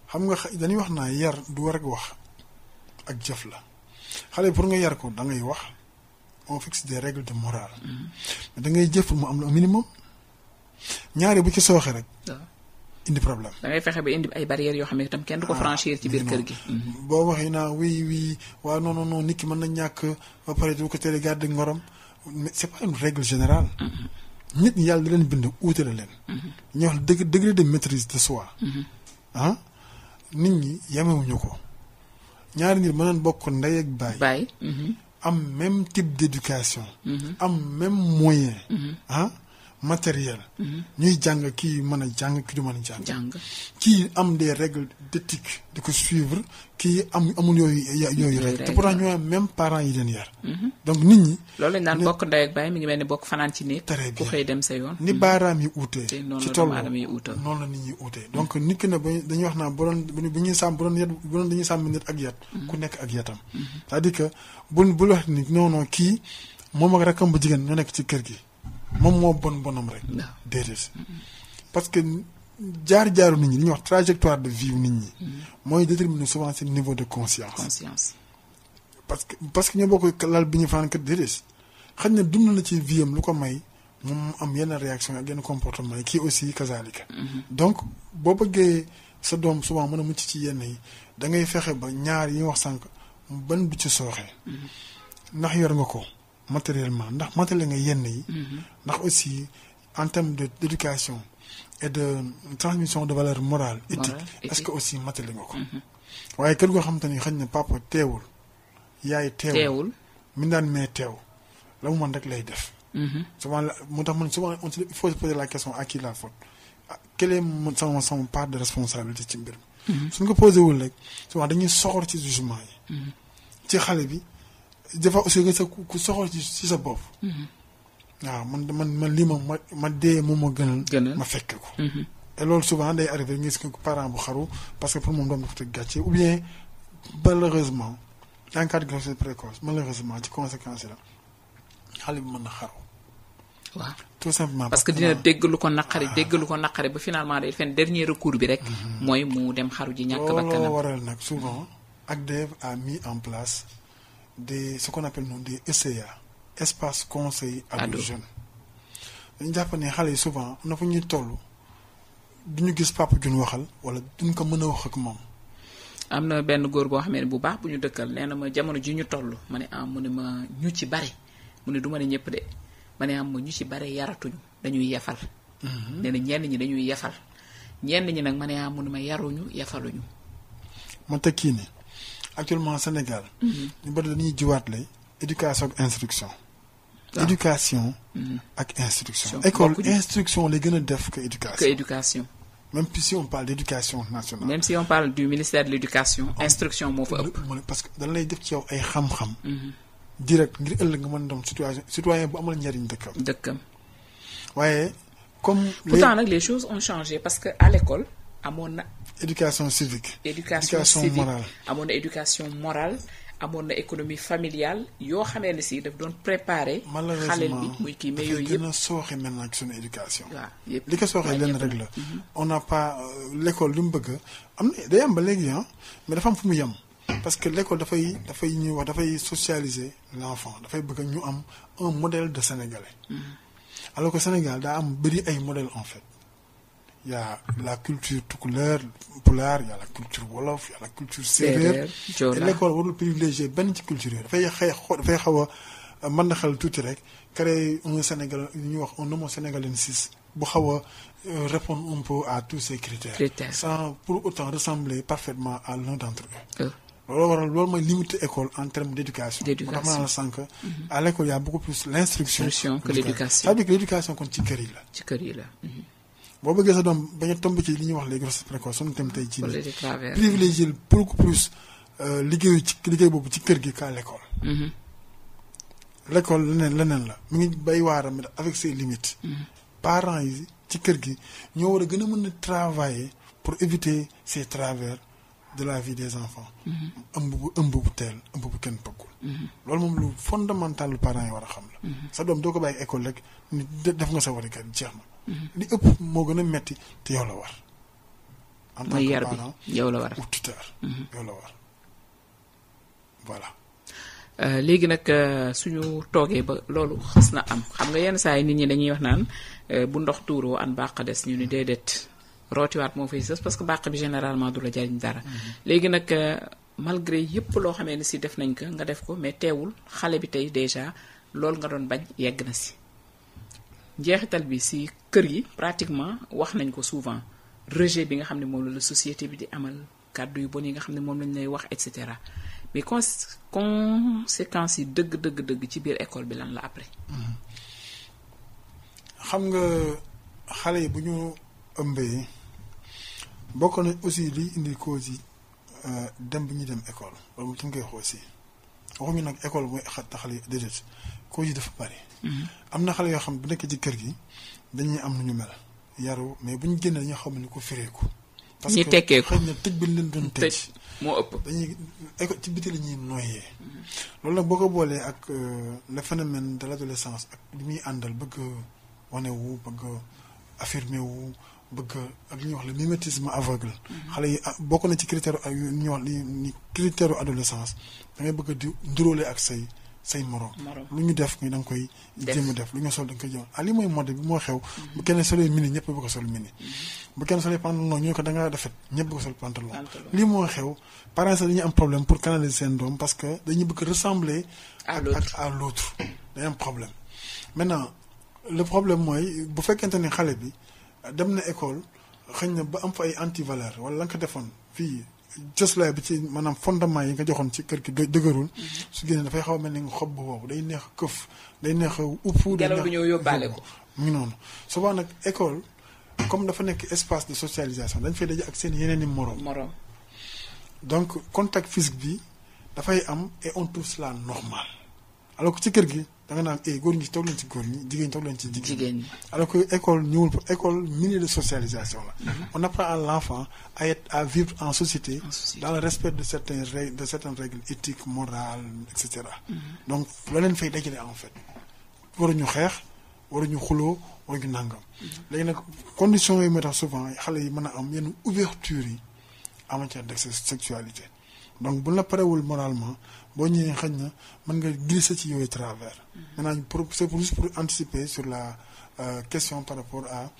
xam nga dañuy wax naa yar du war a wax. ak jëf la xale pour nga yar ko da ngay wax on fixe des règles de morale. mais mm-hmm. ngay jëf pour mu am lu minimum ñaari bu ci sooxee rek. indi problème. da ngay fexe ba indi ay barrières yoo xam ne tam kenn du ko ah, franchir ci biir kër gi. Mm-hmm. boo waxee naa oui oui waaw non non nit ki mën na ñàkk ba pare du ko teel garde ngorom mais c' est pas une règle générale. Mm-hmm. nit ñi yàlla da leen bind uutale leen. ñu wax dëgg degré de maîtrise de soi. ah nit ñi yemewuñu ko. ñaari nit mënoon bokk ndey ak baay. Mhm. am même type d'éducation. Mhm. am même moyen. Mhm. ah. matériel. Mm-hmm. ñuy jàng kii mën a jàng ki du mën a jàng. kii am des règles d'éthique di ko suivre kii am amul yooyu yooyu règle te pourtant ñooy même parents yi leen yar. Mm-hmm. donc nit ñi. loolu lañ naan bokk ndey ak baay mi ngi mel ni bokk fanaan ci néeg. très bien ku xëy dem sa yoon. ni mm-hmm. baaraam yi uutee. ci tool noonu la nit ñi uutee donc nit ki ne ba dañuy wax naan bu doon bu ñuy sàmm bu doon yet bu doon dañuy sàmm nit ak yet. ku nekk ak yetam. c'est-à-dire bu buñ bul wax ni non non kii moom ak rakkam bu jigéen ñoo nekk ci kër gi. moom moo bon bonam rek. déedéet parce que jaar jaaru nit ñi li ñuy wax trajectoire de vie nit ñi. Mm-hmm. mooy déterminer souvent seen niveau de conscience. conscience. parce que parce que koy bokk lal bi ñu fanaan kat déedéet xëy na dund na ci vie lu ko may mu am yenn réaction ak yenn comportement yi kii aussi kazaalika. Mm-hmm. donc boo bëggee sa doom souvent mën a mucc ci yenn yi da ngay fexe ba ñaar yi wax sànq ban bu ci sooxee. Mm-hmm. ndax yor nga ko. matériellement ndax matériel nga yenn yi mhm. ndax aussi en termes de d'éducation et de transmission de valeur morale éthique est-ce que aussi matériel nga ko mhm. waaye kër goo xam te ni xëy na papa teewul yaay teewul min daan mais teew la mu mën rek lay def mhm. souvent la tax man souvent on il faut se poser la question à qui la faute ah, quelle est sama sama part de responsabilité ci mbir mi suñ ko posé wul rek souvent dañuy soxor ci jugement yi ci xale bi dafa aussi nga sa ku soxal ci si sa bopp. Mm-hmm. waaw man man man lii moom ma ma dee moom ma gën ma fekke ko. Mm-hmm. te loolu souvent day arrivé nga gis ko parent bu xaru parce que pour moom doom dafa teg gàcce ou bien malheureusement en cas de grossesse précoce malheureusement ci conséquence la xale bi mën na xaru. waaw parce que dina dégg lu ko naqari ah. dégg lu ko naqari ba finalement day fen dernier recours bi rek. Mm-hmm. mooy mu dem xaru ji ñàkk bakkanam nag souvent ACDEV a mis en place. des ce qu'on appelle nous des SCA espace conseil ado jeune dañ jàpp ne xale yi souvent na fa ñuy toll duñu gis papa juñ waxal wala duñ ko mën a wax ak moom am na benn góor boo xamee ne bu baax bu ñu dëkkal nee na ma jamono ji ñu toll ma ne am ah, mu ne ma ñu ci bari mu ne du ma ne ñëpp de ma ne am ma ñu ci bari yaratuñ dañuy yefal mhm. nee ñenn ñi dañuy yefal ñenn ñi nag ma ne am ah, mu ne ma yaruñu yefaluñu ma tekki ne actuellement Sénégal. Mm-hmm. ñu bëri dañuy jiwaat lay éducation ak instruction. Ah. éducation. Mm-hmm. ak instruction école instruction lay gën a def que éducation. que éducation. même si on parle d' éducation nationale. même si on parle du ministère de l' ah, instruction moo fa ëpp. parce que dañ lay def ci yow ay xam-xam. Mm-hmm. direct ngir ëllëg nga mën a doon citoyen citoyen bu amal njëriñ dëkkam. dëkkam. waaye comme. pourtant nag les changé parce que à l' école amoon na éducation civique. éducation civique amoon na éducation morale amoon na économie familiale yoo xamee ne si daf doon préparer. xaleel bi muy kii mais yooyu yëpp sooxe maintenant ak suñu éducation. yëpp li ko sooxee lenn rek la. Mhm. on n'a pas euh, l'école li mu bëgg am na day am ba léegi ah mais dafa am fu mu yem. parce que l'école dafay dafay ñuy wax dafay socialiser l'enfant dafay bëgg ñu am un modèle de sénégalais. Mhm. alors que Sénégal daa am bëri ay modèles en fait. il a la culture tukulaar pulaar il y a la culture wolof il a la culture séeréer te l'école warul privilégié benn ci culture yooyu dafay xëy dafay xaw a mën na xel tuuti rek créer un Sénégal ñuy wax un homo sénégalensis bu xaw a euh, répondre un peu à tous ces critères Critère. sans pour autant ressembler parfaitement à l'un d'entre eux euh. loolu waral loolu mooy limiter école en termes d'éducation d'éducation tax ma la sànq mhm. à l'école y a beaucoup plus l'instruction que l'éducation cest dire ci kër yi ci kër boo bëggee sa doom bañ a tomb ci li ñuy wax les grossesses précoces suñu thème tey ci nii privilégié beaucoup plus euh, liggéeyu ci liggéey boobu ci kër gi qu'à l'école mm-hmm. l'école leneen leneen la mu ngi bay waaram avec ses limites mm-hmm. parent yi ci kër gi ñoo war a gën a mën a travailler pour éviter ces travers de la vie des enfants mm-hmm. ëmb bu ëmb bu teel ëmb bu kenn bëggul loolu moom lu fondamental lu parents yi war a xam la sa doom doo ko bàyyi école rek def nga sa warikat jeex na li ëpp moo gën a metti te yow la war. en tant que yow la war mm-hmm. euh, léegi nag euh, suñu toogee ba loolu xas na am xam nga yenn saa yi nit ñi dañuy wax naan euh, bu ndox tuuroo an bàq des ñu ni déedéet rootiwaat moo fay sës parce que bàq bi généralement du la jariñ dara. Mm-hmm. léegi nag malgré yëpp loo xamee ni si def nañ ko nga def ko mais teewul xale bi tey déjà loolu nga doon bañ yegg na si. njeexital bi si kër yi pratiquement wax nañ ko souvent rejet bi nga xam ne moom la société bi di amal kàddu yu bon yi nga xam ne moom lañ lay wax et cetera mais conséquences yi dëgg dëgg dëgg ci biir école bi lan la après. Mm-hmm. xam nga xale yi bu ñu ëmbee bokk na aussi liy indi cause yi euh, dem bi ñu dem école loolu tamit koy xool si waxuñu nag école mooy xat xale yi déedéet cause yi dafa bari. Mm-hmm. am na xale yoo xam ne bu nekk ci kër gi dañuy am nu ñu mel yaru mais bu ñu génnee xaw ma ne ko fireeku parce que xëy na tëj bi leen doon tëj moo ëpp dañuy éco ci biti la ñuy noyyee mm-hmm. loolu nag boo ko boolee ak euh, le phénomène de l' adolescence ak li muy àndal bëgg wane wu bëgg affirmé wu bëgg ak li ñuy wax le mimétisme aveugle mm-hmm. xale yi ah, bokk na ci critère ak li ñuy wax li critère adolescence da ngay bëgg di nduróole ak say say morom lu ñu def da nga koy jéem a def lu ñu sol da nga koy jéem ah li mooy mode bi moo xew mm-hmm. bu kenn solee mini ñëpp bëgg a sol mini mm-hmm. bu kenn solee pantalon ñu ne ko da ngaa defet ñëpp bëgg a sol pantalon li moo xew parents dañuy am problème pour canaliser seen doom parce que dañuy bëgg ressembler ak à l'autre dañuy am problème maintenant le problème mooy bu fekkente ni xale bi dem na école xëy na ba am fa ay anti valeur wala la nga ko defoon fii cëslaay bi ci maanaam fondement yi nga joxoon ci kër gi dëgërul mm-hmm. su génnee dafay xaw a mel ni nga xob bu wow day neex këf day neex upp day neex ñëw yóbbaale ko mu ngi noonu souvent nag école comme dafa nekk espace de socialisation dañ fay daje ak seen yeneen i moroom donc contact physique bi dafay am et on trouve cela normal alors ci kër gi da nga naan eh, góor ñi toog leen ci góor ñi jigéen ñi toog leen ci jigéen ñi alors que école ñëwul pour école milieu de socialisation la. Mhm. on apprend à l'enfant à être à vivre en société. en dans le respect de certaines règles de certaines règles éthiques morales et cetera. Mhm. donc la leen fay dajale en fait waruñu xeex waruñu xuloo waruñu nàngam. Mhm. léegi nag conditions yi mooy tax souvent xale yi mën a am yenn ouverture yi en matière de sexualité donc bu la parewul moralement. boo ñëwee xëy na mën nga glisser ci yooyu travers. Mm-hmm. maintenant pour c'est pour juste pour anticiper sur la euh, question par rapport à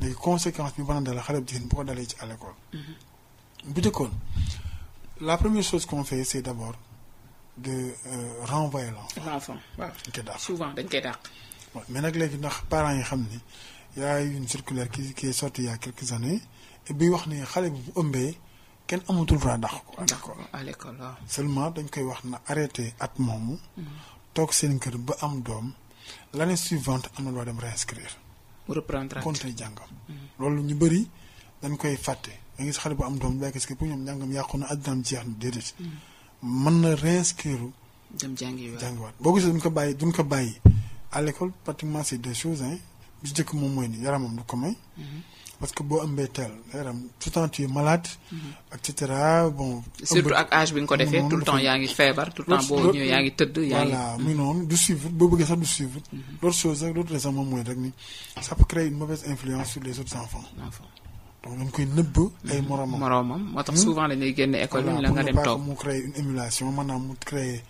les conséquences bi mën a dal xale bu jigéen bu ko dalee ci à l'école. Mm-hmm. bu njëkkoon la première chose qu'on fait c'est d'abord de euh, renvoyer l'enfant. waaw waaw souvent dañ koy dàq. mais nag léegi ndax parents yi xam ni y a une circulaire ki qui est sortie a quelques années bi wax ni xale bu ëmbee. kenn amatul droit dàq ko à l'école seulement dañ koy wax na arrêté at moomu toog seen kër ba am doom l'année suivante am na loo dem réinscrire konte jàngam loolu ñu bëri dañ koy fàtte da gis xale bu am doom daakis que pour ñoom njàngam yàqu na addinaam jeex na déedéet mën na réinscrire dem jàngiwaat boo gisee duñ ko bàyyi duñ ko bàyyi à l'école pratiquement c'est des choses hein bi njëkk moom mooy ni yaramam du ko may mhm. parce que boo ambee teel yaram tout le temps tu es malade. Mm-hmm. et cetera bon. surtout ak âge bi nga ko defee tout le temps yaa ngi feebar. tout le temps boo ñëwee yaa ngi tëdd yaa ngi. voilà muy noonu du suivre boo bëggee sax du suivre. Mm-hmm. l' autre moom mooy rek ni ça peut créer une mauvaise influence sur les autres enfants. donc dañ koy nëbb ay mm-hmm. moromam. moromam moo tax hmm? souvent la ñuy génne école. la nga dem toog mu créer une émulation maanaam mu créer.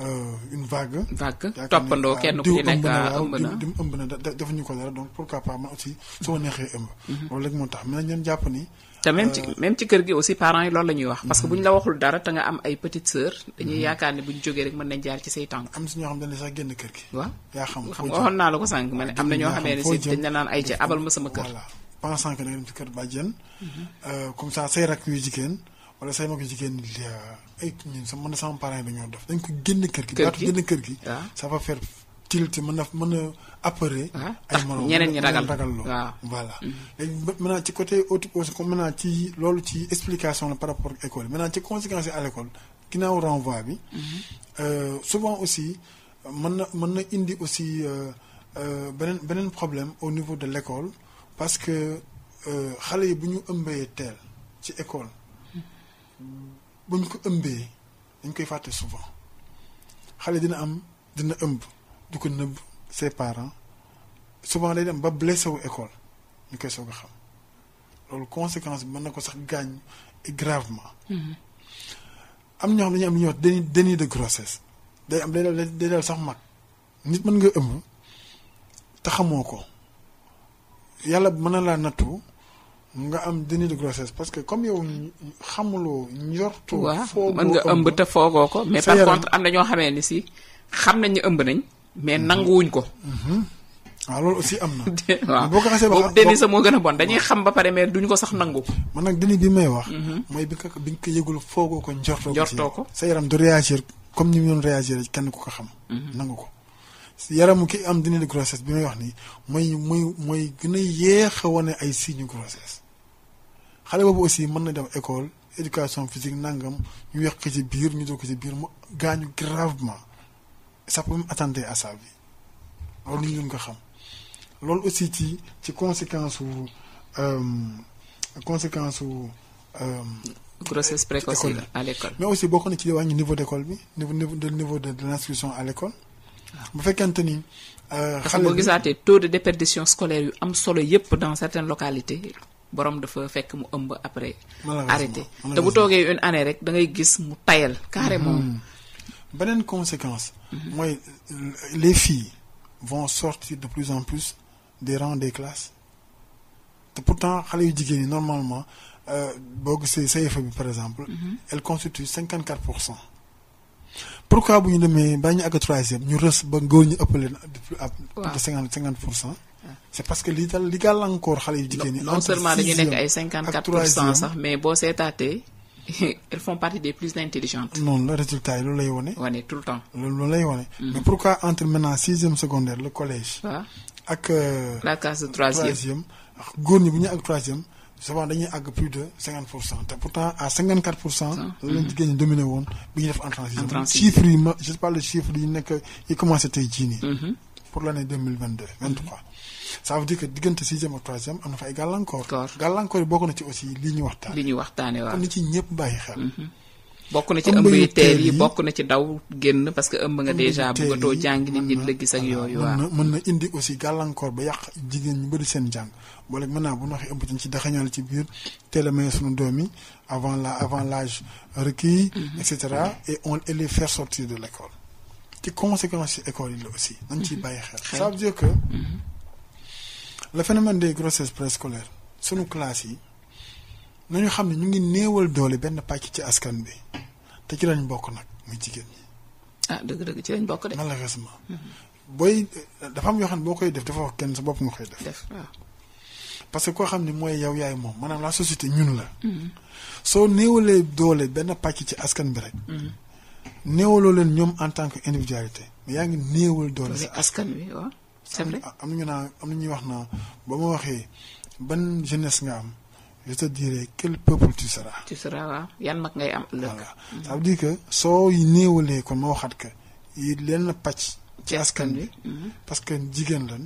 Euh, une vague. vague toppandoo kenn ku ci nekk ëmb na diw ëmb na defuñu ko dara donc pourquoi pas man mhm. tax mais jàpp ni. te même ci euh, ci kër gi aussi parents yi loolu la ñuy wax. parce que bu ñu la mhm. waxul dara te nga am ay petite sœur. dañuy mhm. yaakaar ne bu ñu jógee rek mën nañ jaar ci say tànk. am si ñoo xam ne sax génn kër gi. waaw yaa xam xam nga waxoon la ko sànq ma ne am na ñoo xamee ne si dañ la naan ay ca abal ma sama kër. voilà pensant que da nga kër bàjjen euh, comme ça say rak yu jigéen wala say ma ko jigéen di ay ñun sa mën na sama parent def dañ ko génn kër gi daatu génn kër gi ah. ça va faire tilti mën na mën a apparer ah. ay moroom ñeneen ñi ragal loo ah. voilà mm-hmm. léegi maintenant ci côté autre comme maintenant ci loolu ci explication la par rapport ak école maintenant ci conséquences yi à l'école ginnaaw renvoi bi mm-hmm. euh, souvent aussi man na mën na indi aussi euh, euh, beneen beneen problème au niveau de l'école parce que xale yi bu ñu ëmbee teel ci école bu ñu ko ëmbee dañ koy fàtte souvent xale dina am dina ëmb du ko nëbb ses parents souvent day dem ba blessé wu école ñu koy soog a xam loolu conséquence bi mën na ko sax gaañ gravement. Mm-hmm. am ñoo xam dañuy am lu ñuy wax déni déni de grossesse day am day dal day dal sax mag nit mën nga ëmb te xamoo ko yàlla mën na laa nattu. nga am déni de grossesse parce que comme yow xamuloo njortu. foogoo mën nga ëmb te foogoo ko. mais par contre am na ñoo xamee ni si xam nañ ñu ëmb nañ. mais mhm. nanguwuñ ko. waaw mhm. ah, loolu aussi am na. boo ko xasee ba boobu déni sa moo gën a bon dañuy xam ba pare mais duñ ko sax nangu. man nag déni bi may wax. Mhm. mooy bi nga ko bi nga ko yëgul foogoo ko njortoo ko. njortoo ko sa yaram du réagir comme ni mu doon réagir kenn ku ko xam. nangu ko. yaramu ki am déni de bi may wax nii mooy mooy mooy gën a yéex a wane ay signes grossesse. xale boobu aussi mën na dem école éducation physique nangam ñu yàq ko ci biir ñu doo ko ci biir mu gaañu gravement ça peut même attenter à sa vie loolu nit ñi ko xam loolu aussi ci ci conséquence wu euh, conséquence wu. Euh, grossesse précoce yi à l'école mais aussi bokk na ci wàññi niveau d'école bi niveau niveau de de l'inscription à l'école bu fekkente ni. Euh, xale boo gisaatee taux de déperdition scolaire yu am solo yépp dans certaines localités. borom dafa fekk mu ëmb après. arrêté te bu toogee une année rek da ngay gis mu tayal carrément. Mm-hmm. beneen conséquence. Mm-hmm. mooy les filles vont sortir de plus en plus des rangs des classes te pourtant xale yu jigéen yi normalement euh, boo gisee CFA e bi par exemple. Mm-hmm. elle constitue cinquante quatre pour cent. pourquoi bu ñu demee ba ñu àgg troisième ñu rës ba góor ñu ëpp leen. waaw de cinquante cinquante pour cent. c'est parce que li dal li gàllankoor xale yu jigéen ñi. non seulement dañu nekk ay cinquante quatre pour cent sax mais boo seetaatee elles font partie des plus intelligentes. noonu la résultat yi loolu lay wane. wane tout le temps. loolu lay wane. Mm-hmm. mais pourquoi entre maintenant sixième secondaire le collège. ak. Euh, la classe de troisième góor ñi bu ñu ak troisième souvent dañuy àgg plus de cinquante pour cent te pourtant à cinquante quatre pour cent. loolu lañ mm-hmm. jigéen ñi dominé woon bi ñu ça veut dire que diggante sixième ak troisième am na fa ay gàllankoor. gàllankoor yi bokk na ci aussi li ñu waxtaanee. li ñu waxtaanee waaw kon ni ci ñëpp bàyyi xel. Mhm. bokk na ci ëmb yi teel yi bokk na ci daw génn parce que ëmb nga déjà bëggatoo jàng nit ñi la gis ak yooyu. waaw mën na mën na indi aussi gàllankoor ba yàq jigéen ñu bëri seen jàng boole mën naa bu ñu waxee ëmb dañ ci daxañal ci biir teel a suñu doom yi avant la avant lage requis mhm. et cetera et on et les faire sortir de l'école conséquences ci école yi la aussi. nañ ciy mhm. bàyyi xel ça veut le de des grossesses préscolaires suñu classe yi nañu xam ne ñu ngi néewal doole benn pàcc ci askan bi te ci lañ bokk nag muy jigéen ñi. ah dëgg ci lañ bokk de. malheureusement. Mhm. booy dafa am yoo xam ne boo koy def dafa wax kenn sa bopp nga koy def. parce que koo xam ne mooy yow yaay moom naa la société ñun la. Mhm. soo néewalee doole benn pàcc ci askan bi rek. Mhm. néewaloo leen ñoom en tant que individualité mais yaa ngi néewal doole. sa askan wi c'est vrai am nañu naa am na ñuy wax naa ba ma waxee ban jeunesse nga am je te dirai quel peuple tu seras. tu seras ngay am ëllëg. voilà mm-hmm. ça veut dire que soo néewalee kon ma waxaat ka yi leen pacc ci askan bi mm-hmm. parce que jigéen lan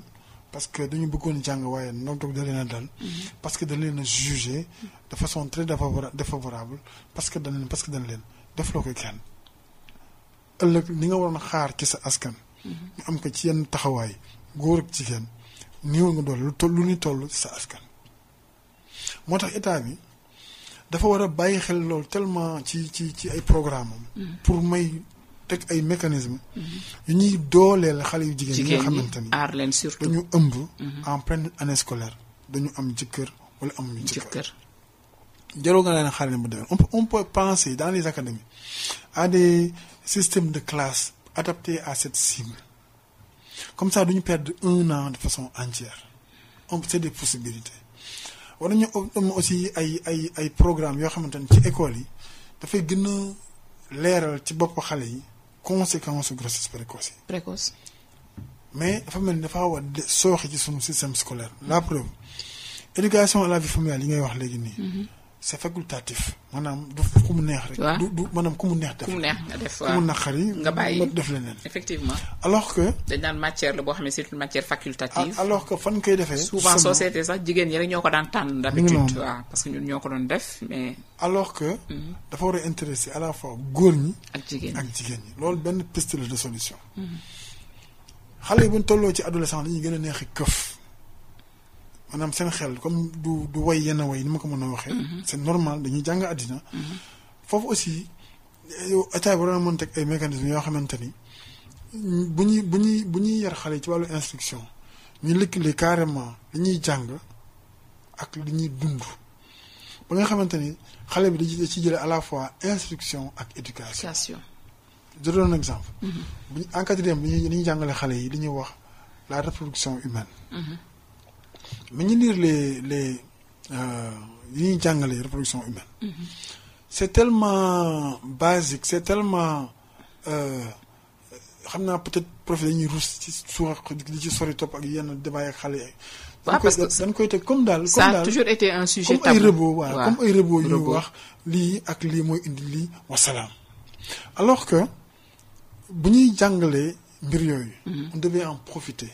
parce que dañu bëggoon jàng waaye noonu toog da leen a dal. Mm-hmm. parce que dañ leen a jugé de façon très défavorable parce que dañ leen parce que dañ leen def loo koy kenn ëllëg li nga waroon xaar ci sa askan. ñu am ko ci yenn taxawaay góor ak jigéen néew nga doole lu toll lu ñu toll sa askan. moo tax état bi dafa war a bàyyi xel loolu tellement ci ci ci ay programme mm-hmm. pour may teg ay mécanisme mm-hmm. yu ñuy dooleel xale yu jigéen yi nga xamante ni aar leen surtout dañu ëmb. Mm-hmm. en pleine anne scolaire dañu am jëkkër wala am jëkkër. jarul nga daan xaarandi bu demee on peut on peut penser dans les académies à des systèmes de classe adaptés à cette cible. comme ça duñu perd un an de façon entière on c'est des possibilités war nañu am aussi ay ay ay programme yoo xamante ne ci école yi dafay gën a leeral ci bopp xale yi conséquence grossesse précoce yi précoce mais dafa mel ni dafa war sooxe ci suñu système scolaire la preuve éducation à la vie familiale yi ngay wax léegi nii mm-hmm. c'est facultatif maanaam du ku mu neex rek. du du maanaam ku mu neex. def ku mu neex nga def def leneen. effectivement alors que. dañ naan matière la boo xam ne c'est une matière facultative. alors que fan koy defee. souvent société sax jigéen ñi rek ñoo ko daan tànn. d'habitude waaw parce que ñoo ko doon def mais. alors que. Mhm. dafa war a intéresser à la fois góor ñi. ak jigéen ñi lool benn piste la de solution. Mhm. xale yi buñ tolloo ci adolescence dañuy gën a neexi këf. maanaam seen xel comme du du way yenn way ni ma ko mën a waxee. Mhm. c'est normal dañuy jàng àddina. Mhm. foofu aussi état bi war na mën teg ay mécanisme yoo xamante ni bu ñuy bu ñuy bu ñuy yar xale ci wàllu instruction ñu lëkkale carrément li ñuy jàng ak li ñuy dund ba nga xamante ni xale bi da ci jële à la fois instruction ak éducation. je donne un exemple. Mhm. bu ñu en li bi ñuy jàngale xale yi li ñuy wax la reproduction humaine. mais ñu lire les les euh, yu ñuy jàngale reproduction humaine. Mm-hmm. c'est tellement basique c'est tellement euh, xam naa peut-être prof dañuy ruus ci suwa li ci sori topp ak yenn débat ak xale yi. waaw koy teg comme daal. comme daal ça a toujours été un sujet tabou comme ay rëboo waaw comme ay rëboo yu wax lii ak lii mooy indi lii wasalaam. alors que bu ñuy jàngalee mbir yooyu. Mm-hmm. on devait en profiter.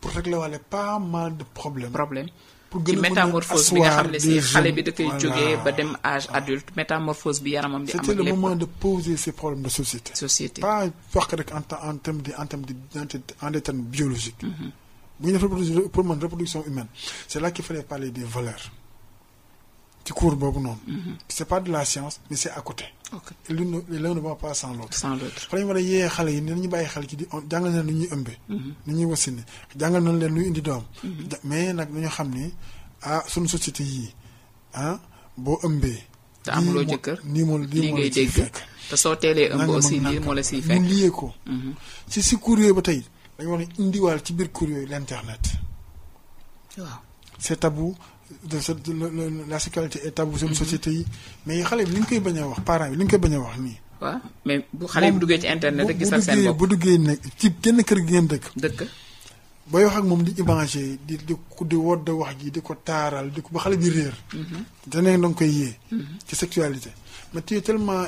pour régler wala pas mal de problème problème pour gën a mën a métamorphose bi nga xam ne si xale bi da koy jógee ba dem âge adulte métamorphose bi yaramam di am c'était le moment de poser ces problèmes de société. société pas wax ko rek de en mm-hmm. bu ñu def reproduction pour man reproduction humaine c'est là qu'il fallait parler des valeurs ci cours boobu noonu. Mm-hmm. c'est pas de la science mais c'est à côté. ok l'un ne va pas sans l'autre. sans l'autre fa la ñu war a xale yi ñu bàyyi xel ci di jàngal na lu ñuy ëmbee. nu mhm. ñuy wasini jàngal nañ leen lu indi doom. Mhm. mais nag ñu xam ne ah suñu société yii ah boo ëmbee. te amuloo jëkkër nii moo lii ngay dégg te soo teelee ëmb aussi lii moo la siy fekk mu liyee ko. ci mhm. si cours ba tey dañu war a indiwaal ci biir cours yooyu l'internet. waaw c'est la sécurité état bu seen société yi mais xale bi li ñu koy bañ a wax parents bi li ñu koy bañ a wax nii. waaw mais bu xale bi duggee ci internet rek gisal seen bopp bu duggee nag ci kenn kër gi ngeen dëkk. dëkk. booy wax ak moom di imagé di di di wodd wax ji di ko taaral di ko ba xale bi réer. danañ mhm. da nga koy yee. Mhm. ci sexualité mais tu es tellement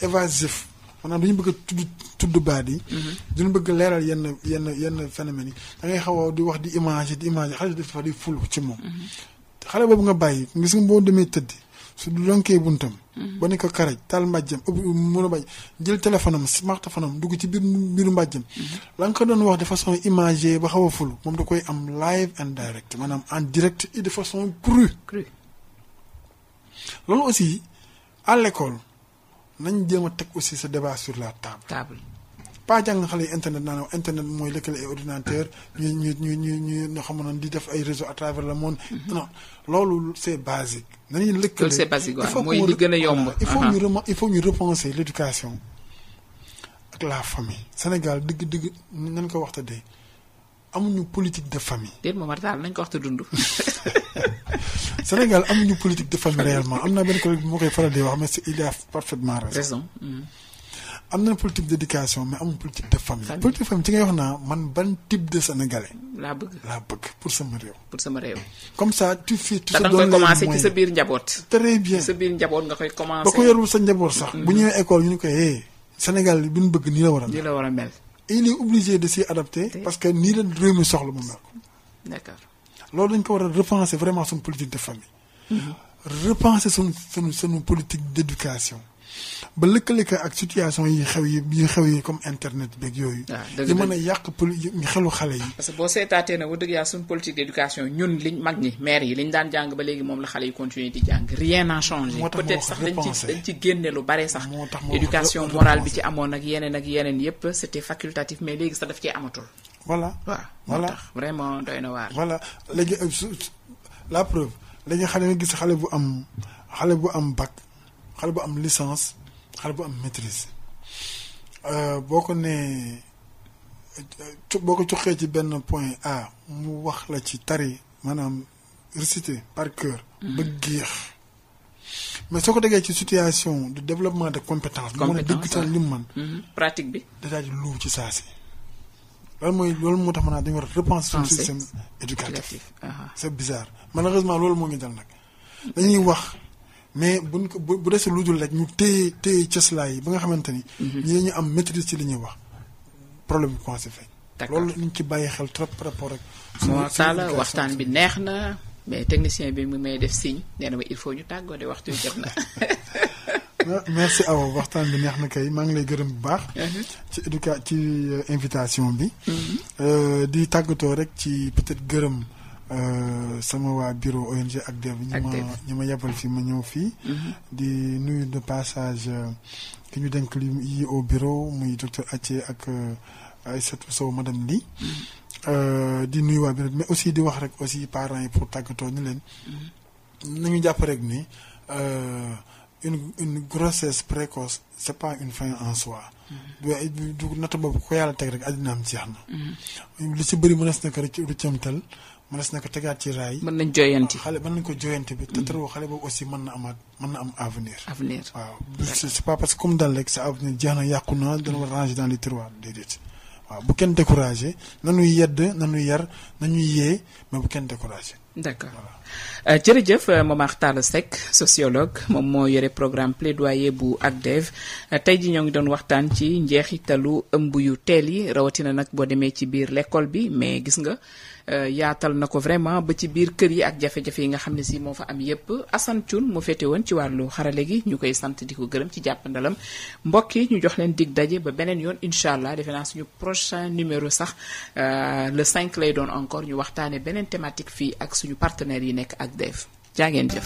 évasif. maanaam duñu bëgg a tudd tudd baat yi. Mhm. duñu bëgg leeral yenn yenn yenn phénomènes yi da ngay xaw a di wax di image di image xale bi dafa di ful ci moom. xale boobu nga bàyyi gis nga boo demee tëdd su lonkee buntam. Mhm. ba ne ko karaj taal mbàjjam ëpp mën a bàyyi jël téléphone am smartphone am dugg ci biir mbiru mbàjjam. Mhm. langa ko doon wax de façon imagée ba xaw a ful moom da koy am live and direct maanaam en direct et de façon crue. loolu aussi à l'école nañ jéem a teg aussi sa débat sur la table. table. pas jàng xale yi internet naa internet mooy lëkkale ay ordinateur ñu ñu ñu ñu ñu ñu xamoon di def ay réseau à travers mhm. loolu c' est basique. nañu lëkkale loolu c' mooy li gën a yomb. il faut ñu il faut l' éducation ak la famille. Sénégal digg dëgg nañ ko waxta dee amuñu politique de famille. déet moom daal nañ ko waxta dund. Sénégal amuñu politique de famille réellement am naa benn collègue bu ma koy faral di wax mais il a parfaitement raison. Mhm. am na politique d' éducation mais amul politique de famille. politique de famille ci ngay wax naa man ban type de sénégalais. laa bëgg pour sama réew. pour sama réew. comme ça tu fais tu te donnes ci sa biir njaboot. très bien njaboot nga koy commencé. ba ko yorul sa njaboot sax. Mm-hmm. bu ñëwee école ñu ne ko hey Sénégal bi ñu bëgg nii la war a mel. nii la war a mel. il est obligé de s'y adapter. parce que nii la réew mi soxla mu mel ko. d' accord loolu dañ ko war a repenser vraiment suñu politique de famille. Mm-hmm. repenser suñu suñu suñu politique d' éducation. ba lëkkale ko ak situation yi xew yi yi xew yi comme internet beeg yooyu. li ah, mën a yàq poli xelu xale yi. parce que boo seetaatee na bu dëgg yàlla suñu politique d'éducation ñun liñ mag ñi maire yi liñ daan jàng ba léegi moom la xale yi continuer di jàng rien n'a changé. peut-être sax dañ ci dañ ci génne lu bare sax. éducation morale bi ci amoon ak yeneen ak yeneen yépp c'était facultatif mais léegi sax daf cee amatul. voilà voilà vraiment doy na waar. voilà léegi euh, la preuve léegi xale nga gis xale bu am xale bu am bac xale bu am licence. xar bu am maîtrise euh, boo ko nee boo ko joxee ci benn point A mu wax la ci tari maanaam récité par cœur. Mhm. ba géex mais soo ko déggee ci situation du développement de compétence. compétence mu ne dëgg li mu mën. pratique bi. dèjà di lu ci saa si. loolu mooy loolu moo tax maanaam dañu war a repenser suñu système éducatif. c'est bizarre malheureusement loolu moo ngi dal nag dañuy wax. mais bu buñ ko bu bu desee lu dul rek ñu téye téye cëslaay yi ba nga xamante ni. Mhm. ñii ñu am maîtrise ci li ñuy wax problème bi commencé feeñ. loolu ñu ci bàyyi xel trop par rapport ak. moo taala waxtaan bi neex na mais technicien bi mu may def signe nee na ma il faut ñu tàggoo de waxtu jot na. Ah, merci Awa waxtaan bi neex na kay maa ngi lay gërëm bu baax. Mhm. ci éduca ci euh, invitation bi. Mhm. Euh, di tàggatoo rek ci peut-être gërëm. Euh, sama waa bureau ONG ACTEV ñi ma ñi ma yebal fii ma ñëw fii mhm. di nuyu de passage euh, ki ñu denk li yi au bureau muy docteur Athie ak euh, Aïssatou Sow madame Ly mhm. di nuyu waa bureau mais aussi di wax rek aussi parents yi pour tàggatoo ñu leen mhm. nañu jàpp rek ni une une grossesse précoce c'est pas une fin en soi. du du natt boobu ko yàlla teg rek àddina am jeex na. li si bëri mën na si nekk rek ci lu mënees na ko tegaat ci raay. mën nañ jooyanti xale mën nañ ko jooyanti bi. te terewul xale boobu aussi man na amaat mën na am avenir. avenir waaw c'est pas parce que comme dal rek sa avenir jeex na yàqu na dana war ranger dans les tiroirs déedéet waaw bu kenn découragé nañuy yedd nañuy yar nañuy yee mais bu kenn découragé. d'accord euh, jërëjëf euh, Momar Talla Seck sociologue moom moo yore programme plaidoyer bu ACDEV euh, tey ji ñoo ngi doon waxtaan ci njeexitalu ëmb yu teel yi rawatina nag boo demee ci biir l'école bi mais gis nga. Euh, yaatal na ko vraiment ba ci biir kër yi ak jafe-jafe yi nga xam ne si moo fa am yépp Assane Thioune mu fete woon ci wàllu xarale gi ñu koy sant di ko gërëm ci jàppandalam mbokk yi ñu jox leen dig daje ba beneen yoon incha allah defe naa suñu prochain numéro sax euh, le cinq lay doon encore ñu waxtaane beneen thématique fii ak suñu partenaires yi nekk ak DEF jaa ngeen